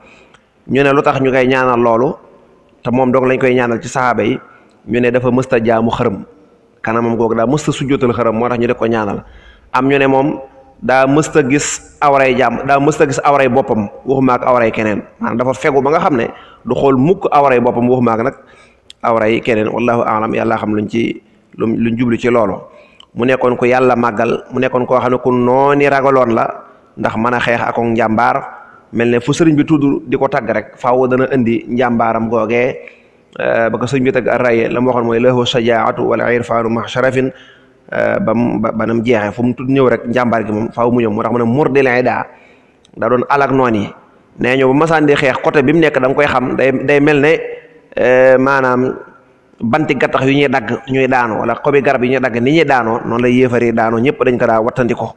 ñu ne lu tax ñu koy ñaanal loolu te moom doog lañ koy ñaanal ci saxaaba yi ñu ne dafa mësta jaamu xërëm kanamam googu daa mësta sujjóotal xërëm moo tax ñu de ko ñaanal am ñu ne moom daa mësta gis awray jaam daa mësta gis awray boppam waxuma ak awray keneen maanaam dafa fegu ba nga xam ne du xool mukk awray boppam waxuma nag awray keneen wallahu alam yàlla xam luñ ci luñ jublu ci loolu mu nekkoon ko yàlla màggal mu nekkoon ko xam ne ku nooni ragaloon la ndax man a xeex ak njàmbaar mel ne fu sëriñ bi tudd di ko tagg rek faaw dana indi njàmbaaram googe eh, ba ko sëriñ bi tagg arraye la mu waxoon mooy lahu sajaatu wala irfaanu ma sharafin bam eh, banam jeexee fu mu tudd ñëw rek njàmbaar gi moom faaw mu ñëw moo tax mu ne murdil ida daa doon alak noon yi nee ñëw ba masaan di xeex côté bi mu nekk da koy xam day day mel ne eh, maanaam banti gattax yu ñuy dagg ñuy daanoo wala xobi garab yu ñuy dagg ni ñuy daanoo noonu la yéefari daanoo ñëpp dañ ko daa wattandiko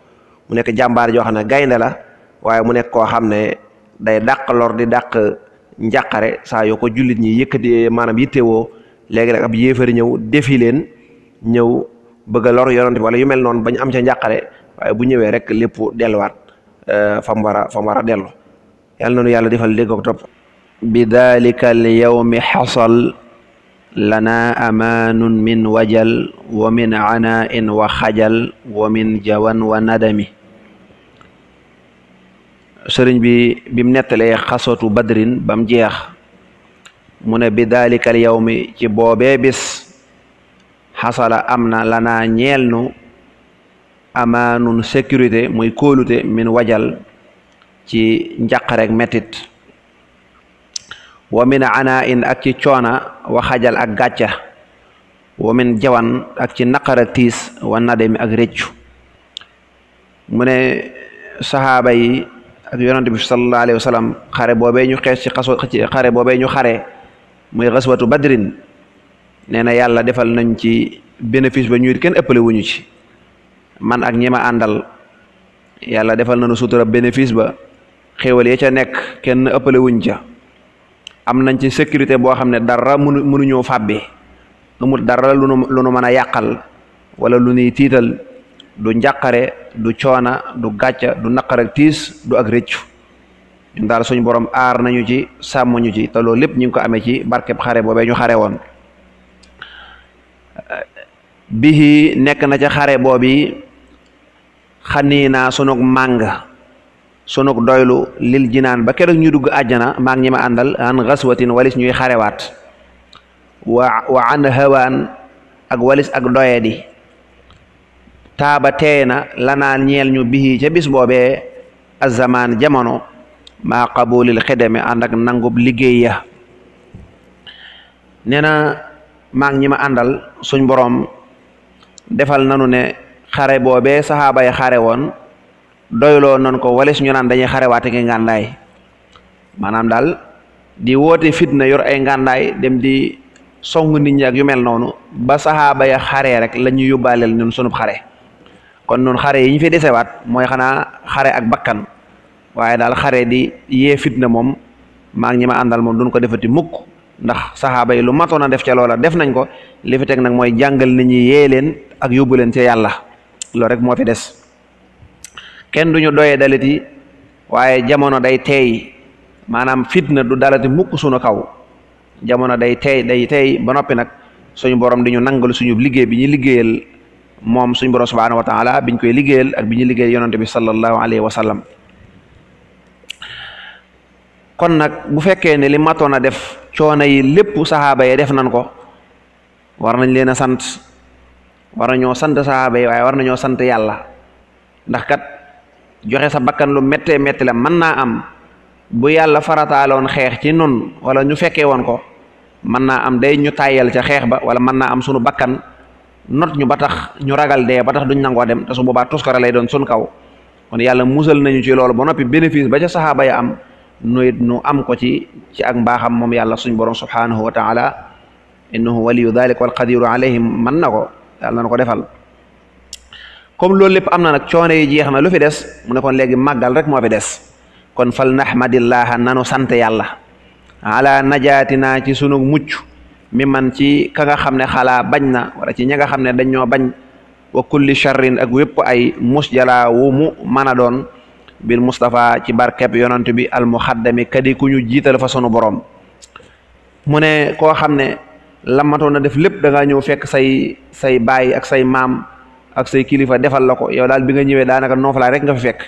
mu nekk jàmbaar joo xam ne gaynde la waaye mu nekk koo xam ne day daq lor di daq njaqare saa yoo ko jullit ñi yëkkati maanaam yittewoo léegi nag ab yéefari ñëw defi leen ñëw bëgg lor yonante bi wala yu mel noonu bañ am ca njàqare waaye bu ñëwee rek lépp delluwaat euh, fam war a fam war a dellu yàlla yàlla defal dégg ak bi daalika lana amaanun min wajal wa min anaa'in wa xajal wa min jawan wa nadami sëriñ bi bim nettalee xasotu badrin ba mu jeex mu ne bi daalikal yawmi ci boobe bis xasala am na lanaa ñeel nu amaanun sécurité muy kóolute min wajal ci njàq rek metit wa min ana in ak ci coona wa xajal ak gàcca wa min jawan ak ci naqara tiis wa nademi ak réccu mu ne saxaaba yi ak yonante bi sallallahu alayhi wa sallam xare boobee ñu xees ci xaso xare boobee badrin nee na yàlla defal nañ ci bénéfice ba ñuy kenn ëppalewuñu ci man ak ñi ma àndal yàlla defal nañu sutura bénéfice ba xéewal ya ca nekk kenn ëppale ca am nañ ci sécurité boo xam ne dara mënu mënuñoo fàbbi bi dara lu dara lu nu mën a yàqal wala lu nuy tiital du njàqare du coona du gàcca du naqar ak tiis du ak rëccu ñun daal suñu borom aar nañu ci sàmm ci te loolu lépp ñu ngi ko amee ci barkeb xare boobee ñu xare woon bihi nekk na ca xare boobi xanii naa sunug màng sunug doylu lil jinaan ba keroog ñu dugg àjjana maa ngi ñi ma àndal an xaswatin walis ñuy xarewaat wa wa an hawaan ak walis ak doyadi taaba teey na lanaa ñeel ñu bihi ca bis boobee azamaan jamono maa qabulil xidame ànd ak nangub liggéey ya nee na maa ñi ma àndal suñ boroom defal nanu ne xare boobee saxaaba xare woon doyloo nan ko wala suñu naan dañuy xarewaate ki ngàndaay maanaam daal di woote fitna yor ay ngàndaay dem di song nit ñi ak yu mel noonu ba saxaaba ya xaree rek lañuy ñuy yóbbaaleel ñun sunub xare kon noonu xare yi ñu fi desewaat mooy xanaa xare ak bakkan waaye daal xare di yee fitna moom maa ngi ñi ma àndal moom duñ ko defati mukk ndax saxaaba yi lu matoon a def ca loola def nañ ko li fi teg nag mooy jàngal nit ñi yee leen ak yóbbu leen ca yàlla loolu rek moo fi des kenn duñu doyee dalati waaye jamono day teey maanaam fitna du dalati mukk sunu kaw jamono day teey day teey ba noppi nag suñu borom di ñu nangal suñu liggéey bi ñuy liggéeyal moom suñu borom subhaanahu wa taala bi ñu koy liggéeyal ak bi ñu liggéeyal yonante bi sallallahu alayhi wa sallam kon nag bu fekkee ne li matoon a def coono yi lépp saxaaba yi def nan ko war nañ leen a sant war nañoo sant saxaaba yi waaye war nañoo sant yàlla ndax kat joxe sa bakkan lu méttee métti la mën naa am bu yàlla farataaloon xeex ci nun wala ñu fekkee woon ko mën naa am day ñu tàyyal ca xeex ba wala mën naa am sunu bakkan not ñu ba tax ñu ragal dee ba tax duñ nangoo dem te su boobaa tuskara lay doon sun kaw kon yàlla musal nañu ci loolu ba noppi bénéfice ba ca saxaaba ya am nuyit nu am ko ci ci ak mbaaxam moom yàlla suñ borom subhanahu wa taala innahu waliyu dalik wal qadiru alayhim mën na ko yàlla ko defal comme loolu lépp am na nag coono yi jeex na lu fi des mu ne kon léegi màggal rek moo fi des kon fal nahmadillaha nanu sant yàlla ala najaatina ci sunu mucc mi man ci ka xam ne xalaa bañ na wala ci ña nga xam ne dañ bañ wa kulli charrin ak wépp ay mus jala wu mu mën a doon bil Mustafa ci barkeb yonant bi almuxaddami kadi ñu jiital fa sunu borom mu ne koo xam ne lammatoo na def lépp da ñëw fekk say say baay ak say maam ak say kilifa defal la ko yow daal bi nga ñëwee daanaka noofalaay rek nga fekk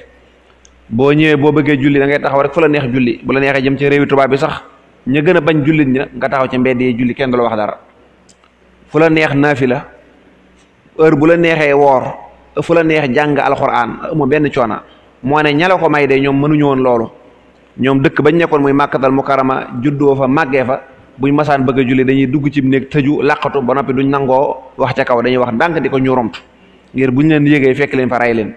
boo ñëwee boo bëggee julli dangay taxaw rek fu la neex julli bu la neexee jëm ci réewi tubaab bi sax ña gën a bañ jullit ñi nga taxaw ci mbedd yi julli kenn du la wax dara fu la neex naafila heure bu la neexee woor fu la neex jàng alxuraan amoo benn coona moo ne ña ko may de ñoom mënuñu woon loolu ñoom dëkk bañ nekkoon muy màkkatal karama juddoo fa màggee fa bu masaan bëgg a julli dañuy dugg ci néeg tëju làqatu ba noppi duñ nangoo wax ca kaw dañuy wax ndànk di ko ñurumtu ngir bu ñu leen yëgee fekk leen fa ray leen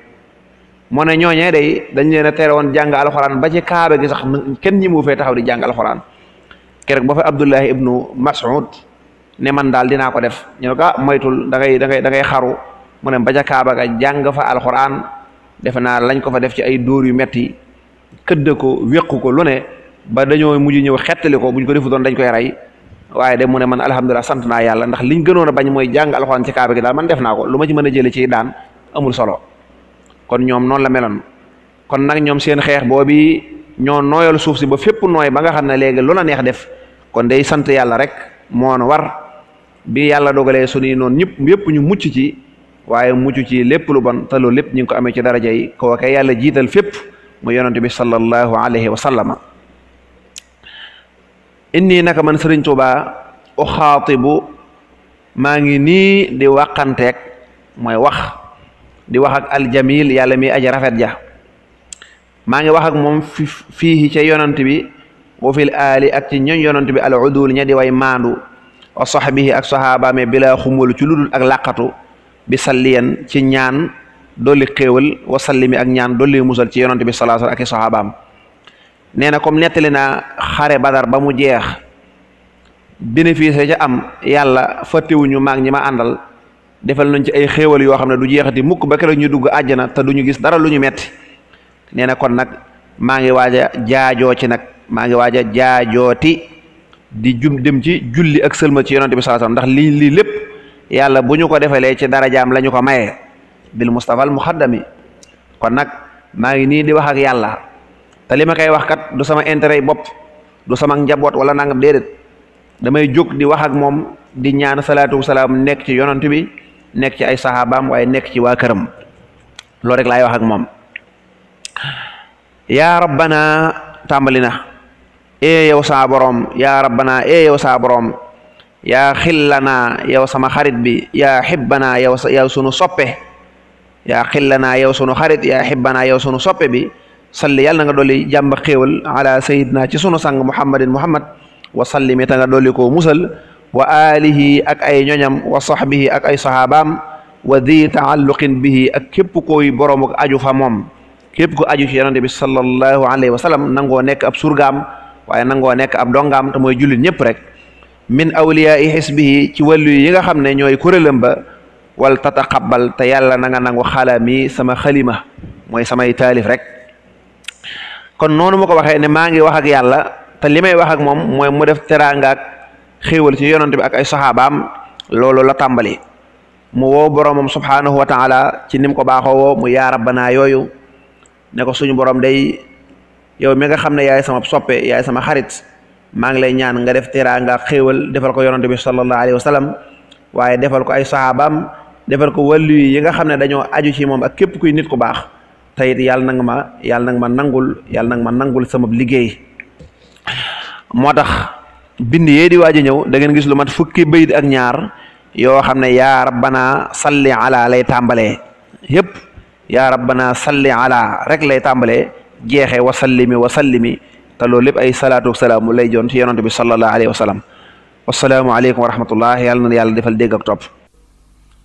moo ne ñooñee day dañ leen a tere woon jàng alxuraan ba ci kaaba gi sax kenn ñi mu fee taxaw di jàng alxuraan keroog ba fa Abdullahi ibnu Mas'ud ne man daal dinaa ko def ñu ne ko ah moytul da ngay da da ngay xaru mu ne ba ca kaaba ga jàng fa alxuraan defe naa lañ ko fa def ci ay dóor yu metti këdd ko wéqu ko lu ne ba dañoo mujj ñëw xettali ko buñ ko defu doon dañ koy rey waaye de mu ne man alhamdulilah sant naa yàlla ndax liñ gënoon bañ mooy jàng alxuraan ci kaaba gi daal man def naa ko lu ma ci mën a jëlee ci daan amul solo kon ñoom noonu la meloon kon nag ñoom seen xeex boobi ñoo nooyal suuf si ba fépp nooy ba nga xam ne léegi lu la neex def kon day sant yàlla rek moon war bi yàlla dogalee suñuy noonu ñëpp yëpp ñu mucc ci waaye mucc ci lépp lu bon te lépp ñu ngi ko amee ci daraja yi koo kay yàlla jiital fépp mu yonent bi sallallahu alayhi wa sallama inni naka man sëriñ Tuuba u xaatibu maa ngi nii di waqanteek mooy wax di wax ak aljamil yàlla mi aja rafet ja maa ngi wax moom fi ci ca bi wa fil aali ak ci ñoñ yonant bi al udul ña di way maandu sox bi ak sahabaame bila xumul ci ludul ak làqatu bi yen ci ñaan dolli xéewal wa sallimi ak ñaan dolli musal ci yonant bi sallallahu alayhi wa ak i sahabaam nee na comme nettali naa xare badar ba mu jeex bénéfice ca am yàlla fàttewuñu maag ñi ma àndal defal nañ ci ay xéewal yoo xam ne du jeexati mukk ba keroog ñu dugg àjjana te du ñu gis dara lu ñu metti nee na kon nag maa ngi waaj a jaajoo ci nag maa ngi waaj a jaajooti di jum dem ci julli ak sëlma ci yonante bi sallallahu alayhi ndax lii lii lépp yàlla bu ñu ko defalee ci dara jaam lañu ko mayee bil mustafal muxaddami kon nag maa ngi nii di wax ak yàlla te li ma koy wax kat du sama intérêt bopp du sama njaboot wala nangam déedéet damay jóg di wax ak moom di ñaan salaatu salaam nekk ci yonant bi nekk ci ay saxaabaam waaye nekk ci waa këram loolu rek laay wax ak moom yaa rabbana tàmbali na ee yow saa boroom yaa rabbana ee yow saa boroom yaa yow sama xarit bi yaa xibbanaa yow yow sunu soppe yaa xillanaa yow sunu xarit yaa xibbanaa yow sunu soppe bi salli yàlla nga dolli jàmba xéewal ala sayidna ci sunu sang muhammadin muhammad wa sallim ta nga dolli koo musal wa alihi ak ay ñoñam wa sahbihi ak ay sahabaam wa di taalluqin bi ak képp koy boroom aju fa moom képp ko aju ci yonante bi sallallahu alayhi wa sallam nangoo nekk ab surgaam waaye nangoo nekk ab dongaam te mooy jullit ñëpp rek min awliyaai xisbihi ci wàllu yi nga xam ne ñooy kurélam ba wal tataqabal te yàlla na nga nangu xalami sama xalima mooy samay taalif rek kon noonu ma ko waxee ne maa ngi wax ak yàlla te li may wax ak moom mooy mu def teraanga ak ci yonante bi ak ay saxaabaam loolu la tàmbali mu woo boromam subhaanahu wa taala ci nim ko baaxoo woo mu yaa rabbanaa yooyu ne ko suñu borom day yow mi nga xam ne yaay sama soppe yaay sama xarit maa ngi lay ñaan nga def teraanga ak defal ko yonante bi sallallahu alayhi wa waaye defal ko ay saxaabaam defal ko wàllu yi nga xam ne dañoo aju ci moom ak képp kuy nit ku baax te it yàlla na ma yàlla na nga ma nangul yàlla na nangul sama liggéey moo tax bind yee di waaj ñëw da ngeen gis lu mat fukki bayit ak ñaar yoo xam ne yaa rabbana salli ala lay tàmbalee yëpp yaa rabbana salli ala rek lay tàmbalee jeexe wa salli sallimi wa sallimi te loolu lépp ay salaatu salaamu lay joon ci yonante bi sallallahu alayhi wa sallam wasalaamu wa rahmatullah yàlla na yàlla defal dégg ak topp